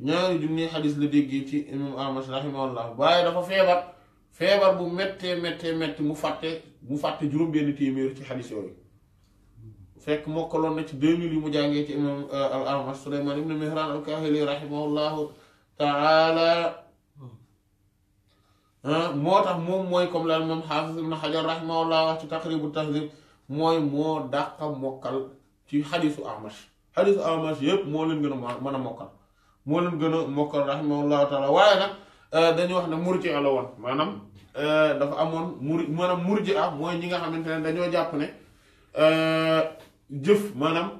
ñaari junni xadis la déggee ci imam Ahmad rahimahullah waaye dafa feebar feebar bu méttee méttee métti mu fàtte mu fàtte juróom-benn téeméer ci xadis yooyu fekk mokkaloon na ci deux mille yu mu jàngee ci imam euh, al Ahmad Suleymaan ibn Mihraan al Kahili rahimahullahu taala moo tax moom mooy comme la moom xaafis ibn xajar rahimahullah wax ci taqribu tahdib mooy moo dàq mokkal ci xadisu Ahmad xadisu Ahmad yépp moo leen gën a mën a mokkal moo leen gën a mokkal rahimahullahu taala waaye nag euh, dañuy wax ne murji la woon maanaam euh, dafa amoon mur maanaam murji ah mooy ñi nga xamante ne dañoo jàpp ne euh, jëf maanaam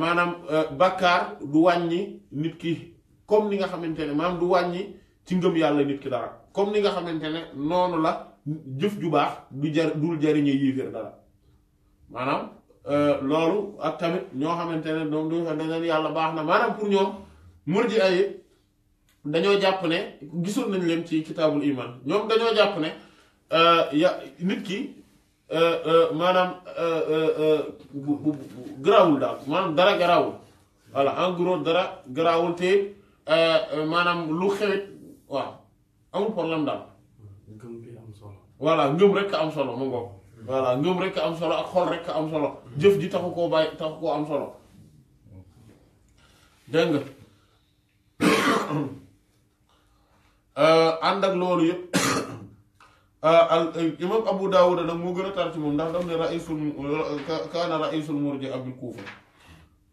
maanaam bàkkaar du wàññi nit ki comme ni nga xamante ne maanaam du wàññi ci ngëm yàlla nit ki dara comme ni nga xamante ne noonu la jëf ju baax du jar dul jariñe yéeféer dara maanaam loolu ak tamit ñoo xamante ne ñoom du dañ yàlla baax na maanaam pour ñoom murji ay dañoo jàpp ne gisoon nañ leen ci kitaabul iman ñoom dañoo jàpp ne euh, ya nit ki euh, euh, maanaam bu garaawul daal maanaam dara garaawul voilà en dara garaawul te maanaam lu xewit waaw amul problème daal. ngëm am solo. voilà ngëm rek am solo mu ngoog. voilà ngëm rek am solo ak xol rek am solo. jëf ji taxu koo bàyyi taxu koo am solo dégg Euh, ànd ak loolu yëpp (coughs) euh, al euh, imam Abu Dawud nag moo gën a tar moom ndax daf ne raisul kaana raisul murji abil kuufa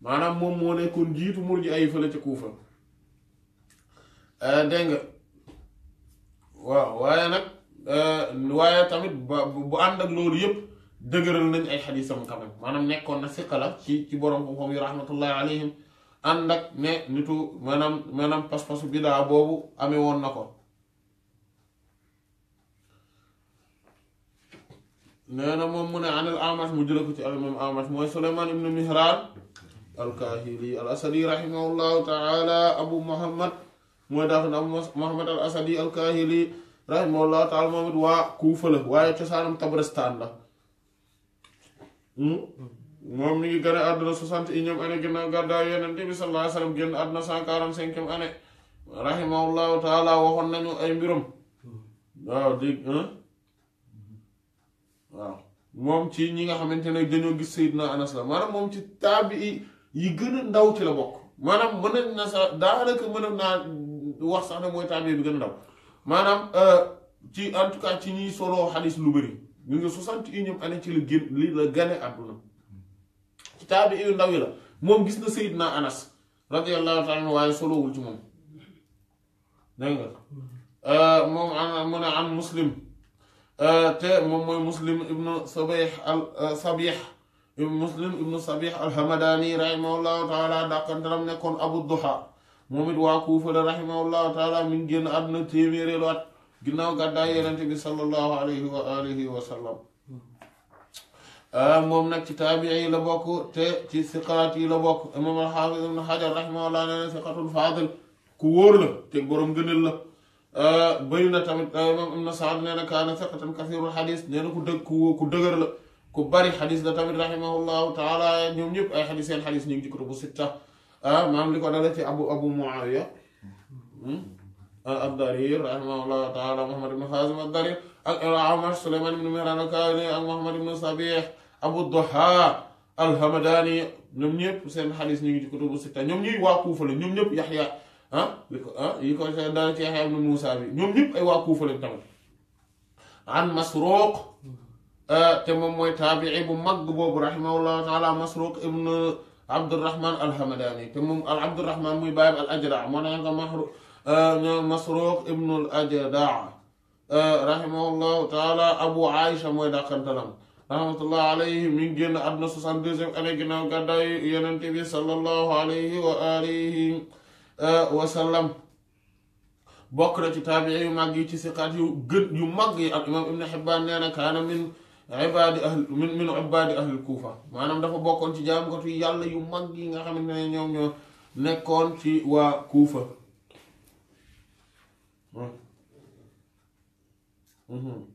maanaam moom moo nekkoon jiitu murji ay fële ca kuufa dégg nga waaw waaye nag waaye tamit ba bu ànd loolu yëpp dëgëral nañ ay xadisam quand même maanaam nekkoon na siqa la ci borom xam-xam yi rahmatullahi alayhim andak ne nitu manam manam pas-pasu bida bobu amee won nako ko mom na mu ne anil amash mu jële ko ci al imam amash moy suleyman ibnu mihran al kahili al asadi rahimahullahu taala abu muhammad moy dafa abu muhammad al asadi al kahili rahimahullahu taala moom wa kufa la waye ci sanam tabrestaan la hmm? moom mi ngi gane àdduna soixante et unième année ginnaaw gàddaay yonente bi sallallahu alayhi wa sallam génn àdduna cent quarante cinquième année rahimahullahu taala waxoon nañu ay mbiram waaw dégg waaw moom ci ñi nga xamante ne dañoo gis Seydina Anas moom ci taabi a ndaw ci la bokk maanaam mën na sa daanaka mën naa wax sax ne mooy taabi bi gën a ndaw maanaam euh, ci en tout cas ci ñiy solo xadis lu bëri ñu ngi soixante et unième année ci la génn li la gane àdduna tabi yu ndaw yi la mom gis na sayyidna Anas radiyallahu taala wa waaye solowul ci mom dégg nga mom mu ne an muslim te mom moy muslim ibnu sabih al sabih muslim ibnu sabih al alhamadani rahimahullahu taala dàqantaram nekkoon abu duha momit wa kufa kuufa la rahimahullahu taala min gen adna àdduna lot at gadda yenenbi sallallahu alayhi wa alihi wa sallam آه، موم نك تي تابعي لا بوكو تي تي ثقاتي لا بوكو امام الحافظ ابن حجر رحمه الله نانا ثقه الفاضل كو وور لا تي بوروم گنل لا آه، ا بينا تامت آه، امام ابن سعد نانا كان ثقه كثير الحديث نانا كو دك كو دغر لا كو بري حديث لا تامت رحمه الله تعالى نيوم نيب اي حديث سين حديث نيوم ديكرو سته ا مام ليكو دالا تي ابو ابو معاويه عبد رحمه الله تعالى محمد بن حازم الدرير عمر سليمان بن ميران الكاري محمد بن صبيح abu duha alhamadani ñoom ñëpp seen xadis ñu ngi ci kutubu sitta ñoom ñuy waa kuufa la ñoom ñëpp yaxya ah li ko ah yi ko daana ci yaxya ibnu muusa bi ñoom ñëpp ay waa kuufa lañ tamit an masruq te moom mooy taabii bu mag boobu rahimahullahu taala masruq ibnu abdurrahman alhamadani te moom al abdurrahman muy bàyyam al ajda moo naan ko mahru masruq ibnu al ajda rahimahullahu taala abu aïcha mooy dàqantalam rahmatullah alayhi mi ngi génn àdduna soixante-deuxième année ginnaaw gàddaay yonent bi sallallahu alayhi wa alihi euh, wa sallam bokk na ci taabii yu màgg yi ci siqaat yu gën yu mag yi ak imaam ibn Hibbaan kuufa maanaam dafa bokkoon ci jaamkatu yàlla yu màgg yi nga xamante ne ñoom ñoo nekkoon ci waa kuufa hmm. Hmm.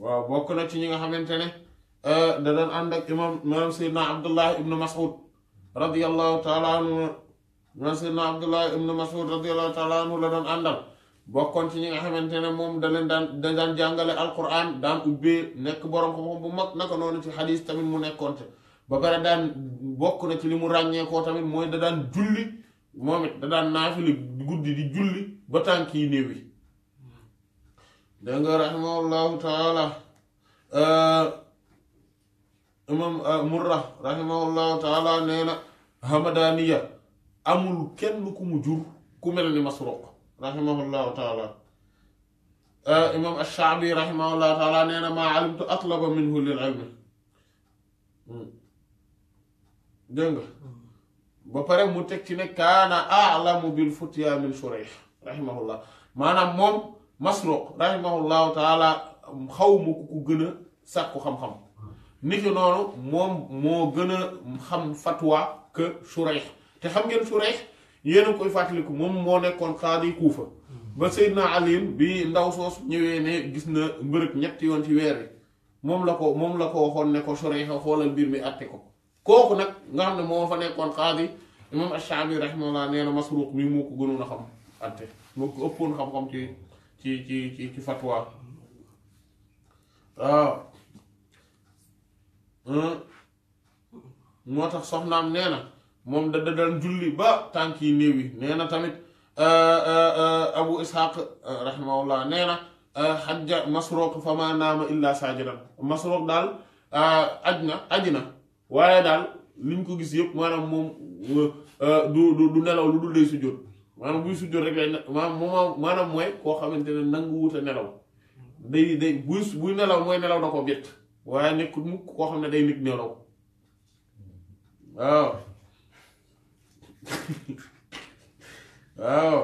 waaw bokk na ci ñi nga xamante ne da eh, daan and ak imam imam seydna abdullah ibnu masud radiyallahu taala anhu imam seydna abdullah ibnu masud radiyallahu taala anhu la daan àndal bokon ci ñi nga xamante ne da len dan da alquran dan ubi nek borom ko bu mak naka noonu ci hadith tamit mu nekkoonte ba pare dan bokku na ci limu ragne ko tamit moy da dan julli momit da dan guddi di julli ba tanki newi da nga taala eh, imam murrah rahimahullah taala neena hamadaniya amul kenn ku mu jur ku melni ni masruq rahimahullahu taala imam ash-sha'bi rahimahullah taala neena ma alimtu atlaba minhu lil ilmi dégg ba pare mu tek ci ne kana alamu bil futya min shurayh rahimahullah manam mom masruq rahimahullah taala xawmu ma ku ko sàkku xam-xam niki noonu moom moo gën a xam fatwa ke Shurayh te xam ngeen Shurayh yéen a koy fàttaliku mom mo nekkon xaadi kufa ba sayyidna Ali bi ndaw soos ñewé ne gis na mbërëg ñett yoon ci weer mom la ko mom la ko waxon ne ko Shurayh xolal bir mi àtte ko koku nak nga xam ne mo fa nekkon xaadi imam Ash-Sha'bi rahimahullah neena Masruq mi moko ko na xam àtte moo ko ëppoon xam-xam ci ci ci ci fatwa waaw moo tax soxnaam nee na moom da daan julli ba tànk yi néew yi nee na tamit uh, uh, uh, abu ishaq rahimahullah nee na xajja masroq fa ma naama illa sajidan masroq daal aj na aj na waaye daal liñ ko gis yëpp maanaam moom du lu dul day sujjóot maanaam buy sujjóot rek lay maanaam mooy koo xamante ne nangu wuta nelaw day day buy buy nelaw mooy nelaw da ko bett waaye nekkul mukk koo xam ne day nit nelaw waaw waaw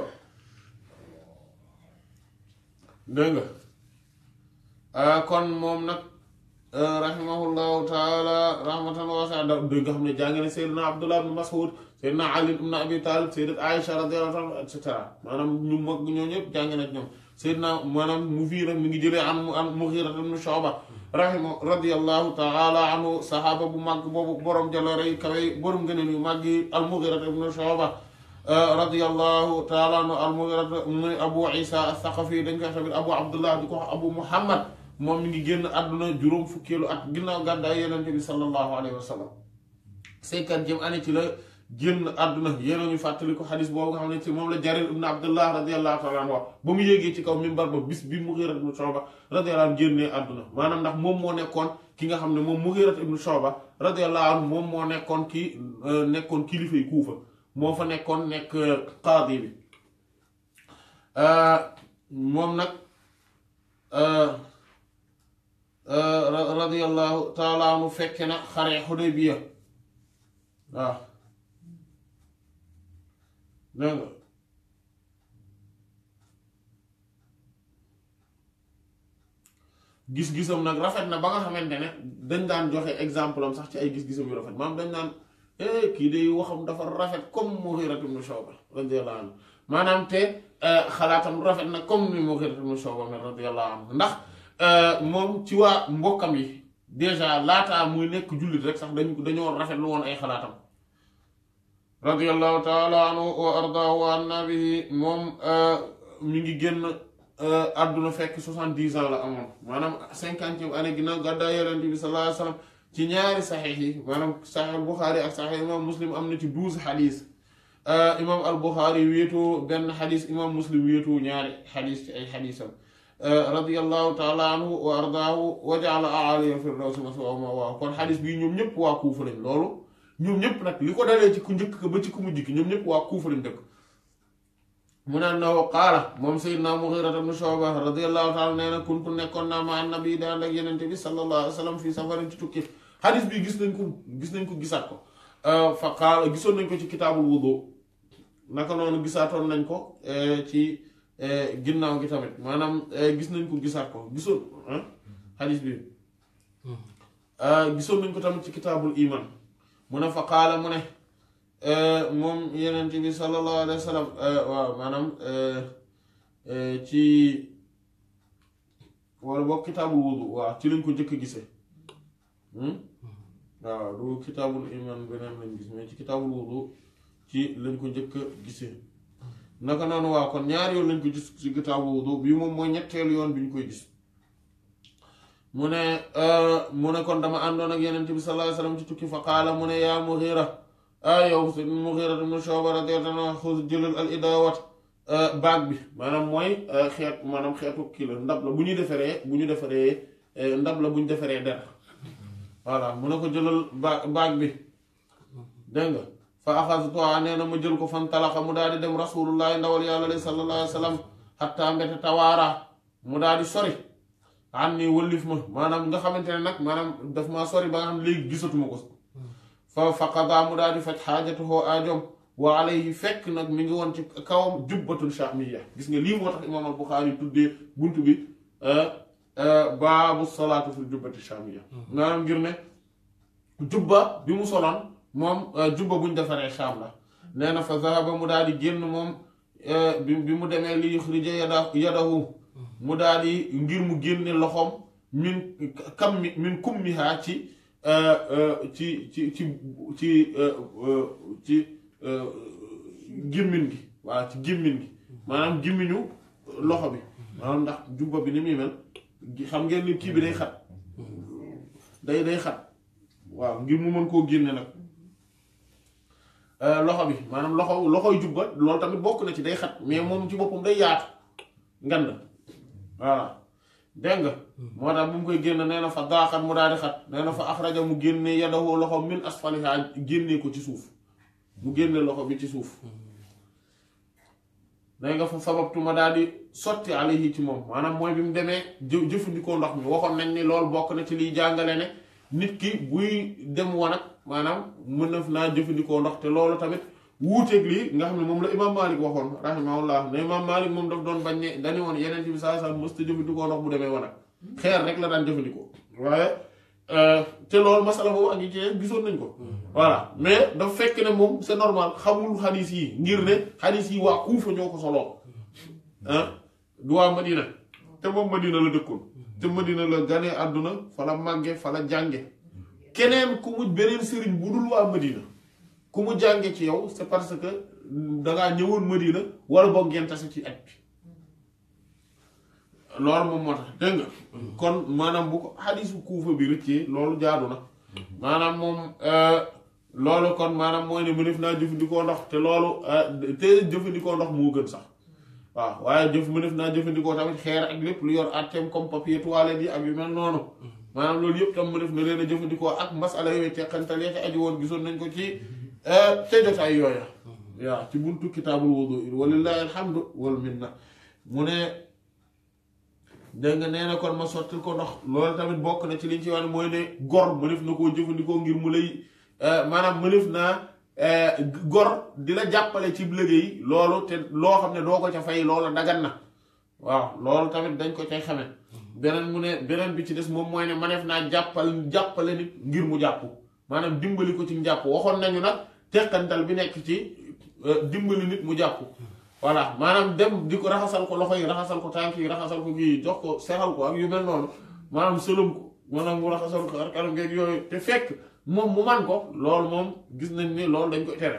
dégg nga kon moom nag rahimahullahu taala rahmatan waasi'a da dégg nga xam ne jàng na Seydina Abdullah ibn Mas'ud Seydina Ali ibn Abi Talib Seydat Aïcha radiyallahu anha et cetera maanaam ñu mag ñoo ñëpp jàng na ñoom Seydina maanaam mu fii nag mi ngi jëlee am mu am Mughira ibn Shu'ba rahimu radiallahu taala anhu sahaaba bu màgg boobu borom jaloore yi kawe borom gëneen yu màgg yi almugirat ibnu shoba radiallahu taala anhu almugirat mu abu isa asaqafi dañ koy xamit abu abdullah di wax abu muhammad moom mi ngi génn àdduna juróom fukkeelu at ginnaaw gàddaay yonent sallallahu alayhi wa sallam cinquantième année ci la génn àdduna yéena ñu fàttali ko xadis boobu nga xam ne ci moom la jaril ibn abdullah radiallahu taala anhu wax ba mu yéegee ci kaw mimbar ba bis bi muxirat ibn shoba radiallahu anhu génnee àdduna maanaam ndax moom moo nekkoon ki nga xam ne moom muxirat ibn shoba radiallahu anhu moom moo nekkoon ki nekkoon yi kuufa moo fa nekkoon nekk qaadi bi moom nag radiallahu taala anhu fekke na xare xudaybiya waaw dégg gis-gisam nag rafet na ba nga xamante ne dañ daan joxe exemple am sax ci ay gis-gisam yu rafet maam dañ naan eh kii day waxam dafa rafet comme Mughira ibn Shu'ba radiyallahu anhu maanaam te eh, rafet na comme ni Mughira ibn Shu'ba radiyallahu anhu ndax eh, moom ci waa mbokkam yi déjà laataa muy nekk jullit rek sax dañu dañ rafet rafetlu woon ay xalaatam. radiyallahu taala anhu wa ardaahu wa anna bihi moom euh, mi ngi génn euh, àdduna fekk soixante-dix ans la amoon maanaam cinquante année ginnaaw gàddaay yonent bi sallallahu alayhi wa sallam ci ñaari saxiix yi maanaam saxiix al Buxaari ak saxiix imaam Muslim am na ci douze xadiis euh, imaam al Buxaari wéetoo benn xadiis imaam Muslim wéetoo ñaari xadiis ci ay xadiisam radiyallahu taala anhu wa ardaahu wa jaala a'aaliya firdawsi maswaahu kon xadiis bii ñoom ñëpp waa Kuufa lañ loolu ñoom ñëpp nag li ko dalee ci ku njëkk ba ci ku mujj ki ñoom ñëpp waa Kuufa lañ dëkk mu ne annahu qaala moom sayyidna Mughira ibn Shu'ba radiyallahu ta'ala nee na kuntu nekkoon naa ma annabi daan ak yenente bi sallallahu alayhi wa sallam fii safarin ci tukki hadis bi gis nañ ko gis nañ ko gisaat ko euh, fa qaala gisoon nañ ko ci kitaabul wudu naka noonu gisaatoon nañ ko euh, ci euh, ginnaaw gi tamit maanaam gis nañ ko gisaat ko gisoon hadis bi hmm. gisoon nañ ko tamit ci kitaabul iman mu ne fa qaala mu ne eh, moom yenent bi sallallahu alayhi wa sallam eh, waaw maanaam eh, ci wala boog kitaabul wudu waaw ci lañ ko njëkk gisee hmm? waaw du kitaabul iman beneen lañ gis mais ci kitaabul wudu ci lañ ko njëkk gisee naka noonu waaw kon ñaari yoon lañ ko gis ci kitaabul wudu bi moom mooy ñetteelu yoon bi koy gis mu ne ah, mu ne kon dama àndoon ak yeneen bi sallallahu alayhi wasallam ci tukki fa qaala mu ne yaa Mughira ah yow Mughira ibn Shu'ba radiyallahu anhu xus jëlal al idawat ah, baag bi maanaam mooy ah, xeet maanaam xeetu kii la ndab la bu ñu defaree bu ñu defaree eh, ndab la bu ñu defaree der voilà mu ne ko jëlal ba baag bi dégg nga fa axastuha nee na ma jël ko fan talaxa mu daal di dem rasulullahi ndawal yàlla sallallahu alayhi wasallam xatta mbete tawaara mu daal di sori. an ni ma manam nga xamantene nak manam daf ma sori ba am xam ne gisatuma ko fa faqada mudadi fat hajatuhu ajum wa alayhi fek nak mi ngi won ci kawam jubbatul shamiya gis nga li motax imam imaam al buxaari tuddee bunt bi babu salatu fil jubbati shamiya manam ngir ne jubba bi mu solon mom jubba buñ defare sham la nee fa zahaba mudadi daal di génn moom bi mu demé li yukhrija yadahu mu daal di ngir mu génne loxoom min kam mi min kummihaa euh, euh, ci ci ci ci euh, ci ci gémmiñ gi waaw ci gémmiñ gi maanaam gémmiñu loxo bi maanaam ndax jubba bi ni muy mel xam ngeen ni kii bi day xat day day xat waaw ngir mu mën koo génne nag loxo bi maanaam loxo loxoy jubba loolu tamit bokk na ci day xat mais moom ci boppam day yaatu ngand voilà nga. Hmm. moo tax bu mu koy génn nee na fa daaxat mu daal di xat nee na fa axraja mu génnee yadahu loxo min asfaliha génnee ko ci suuf mu génne loxo bi ci suuf. nee nga fa sababtu ma daal di sotti alayhi ci moom maanaam mooy bi mu demee jë jëfandikoo ndox mi waxoon nañ ni loolu bokk na ci liy jàngale ne nit ki buy dem wanag maanaam mën na naa jëfandikoo ndox te loolu tamit. wuuteeg lii nga xam mom la imam malik waxon rahimahullah ne imam malik moom daf doon bañ ne won yenen yeneen bi saa saa mës ta jëfandikoo ndox bu demee wan ak xeer rek la daan jëfandikoo euh té loolu masala boobu ak yi ci gisoon nañ ko voilà mais da fekk ne moom c'est normal xamul hadith yi ngir ne hadith yi wa kufa ñoko solo hein ah du wa madina té mom madina la dekkul té medina la gané aduna fa la màgge fa la jànge keneen ku mu benen serigne budul wa medina ku mu jànge ci yow c'est parce que dangaa ñëwoon Madina wala boog ngeen tase ci at bi loolu moom moo tax dégg kon maanaam bu ko xadiisu kuufa bi rëccee loolu jaadu na maanaam moom euh, loolu kon maanaam mooy ne mëneef naa jëfandikoo ndox te loolu euh, te jëfandikoo ndox mu gën sax waaw waaye jëf mëneef naa jëfandikoo tamit xeer ak lépp lu yor àtteem comme papier toilette yi ak yu mel noonu mm-hmm. maanaam loolu yëpp tam mëneef na leen a jëfandikoo ak masala yooyu teqantal ya woon gisoon nañ ko ci Eh, te ay yooya waaw ci buntu kitaabul wudu il walillahi alhamdu wal mu ne dégg nga nee na kon ma sottil ko ndox loolu tamit bokk na ci liñ ci wax mooy ne gor mënef na koo jëfandikoo ngir mu lay eh, maanaam mënef naa eh, gor di la jàppale ci liggéey loolu te loo xam ne doo ko ca fay loola dagan na waaw loolu tamit dañ ko cay xame beneen mu ne beneen bi ci des moom mooy ne mënef naa jàppal jàppale nit ngir mu jàpp maanaam dimbali ko ci njàpp waxoon nañu nag teqantal bi nekk ci euh, dimbali nit mu jàpp voilà maanaam dem di ko raxasal ko loxo yi raxasal ko tànk yi raxasal ko kii jox ko seexal ko ak yu mel noonu maanaam sëlum ko maanaam mu raxasal ko ak kanam yooyu te fekk moom mu man ko loolu moom gis nañ ni loolu dañ koy tere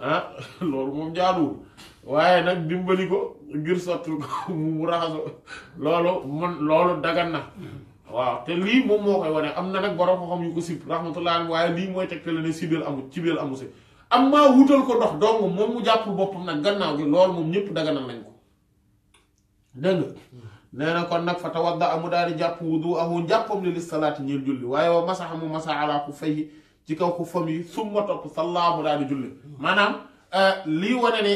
ah (laughs) loolu moom jaaduwul waaye nag dimbali ko gir sotti ko (laughs) mu raxasu loolu man loolu dagan na waaw te lii moom moo koy wane am na nag borom xam yu ko sib rahmatulah waaye lii mooy tegtale ne amu si amma wutal ko dox dong mom mu japp bopam nak gannaaw gi loolu mom ñepp daganal nañ ko dégg nga nee na kon fa tawadda amu daali japp wudu ahu jappam li li ñeul julli waye wa masaha mu masa ala ku fay ci kaw ku fami summa mu julli maanaam euh, lii wane ne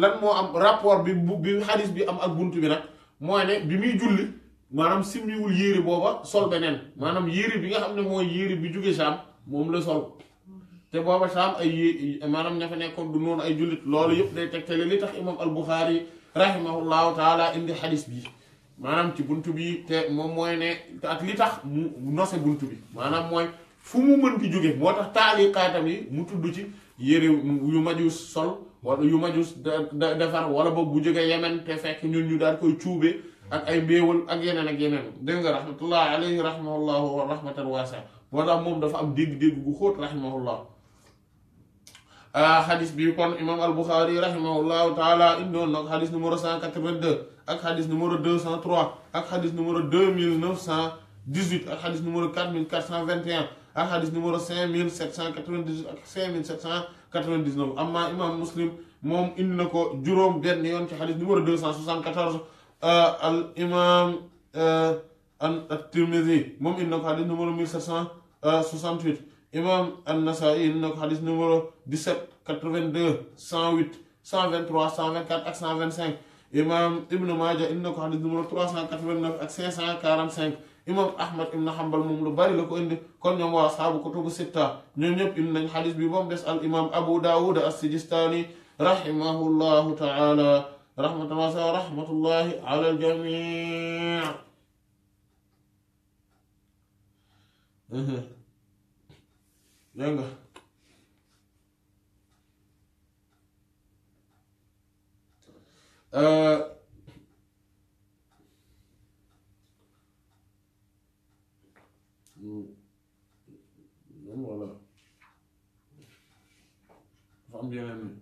lan mo am rapport bi bi hadith bi am ak buntu bi nak mooy ne bi mi julli maanaam wul yéeri boba sol benen Manam yeri bi nga xamne moy mooy bi jóge saam mom la sol te booba saam ay yé maanaam ña fa nekkoon du noonu ay jullit loolu yëpp day tegtale li tax imam al-Bukhari rahimahullahu taala indi xadis bi maanaam ci buntu bi te moom mooy ne ak li tax mu nose buntu bi maanaam mooy fu mu mën di jóge moo tax taaliqaatam yi mu tudd ci yére yu majuus sol wala yu majuus defar wala boog bu jóge yemen te fekk ñu ñu daal koy cuube ak ay mbéewal ak yeneen ak yeneen dégg nga rahmatullah alayhi rahimahullahu rahmatan waasa moo tax moom dafa am dégg-dégg bu xóot rahimahullah Ah, xadis bi kon imam al buxaari rahimahullahu taala indoon nag xadis numéro 182 ak xadis numéro 203 ak xadis numéro 2918 ak xadis numéro 4421 ak xadis numéro 5798 ak 5799 amma imam muslim moom indi na ko juróom benn yoon ci xadis numéro 274 ah, al imam at ah, tirmidi moom indi na ko xadis numéro 1768 imam an-Nasaa'i indi na numéro 17 82 108 123 124 ak 125 imam ibn majah indi na numéro 389 ak 545 imam Ahmad ibn Hanbal moom lu bari la ko indi kon ñoom waa saabu kutubu sitta ñoom ñëpp indi nañ xadis bi ba mu al imam Abu Daawud as-Sijistaani rahimahullahu taala rahmatullahi rahmatullahi ala al-jamii يلا آه ولا فهم بيعمل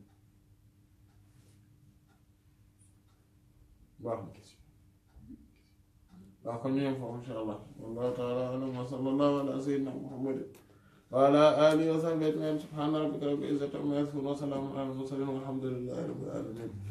بعمل كذا لا كل يوم ان شاء الله والله تعالى اعلم وصلى الله على سيدنا محمد وعلى آله وصحبه أجمعين سبحان ربك رب العزة عما يصفون وسلام على المرسلين والحمد لله رب العالمين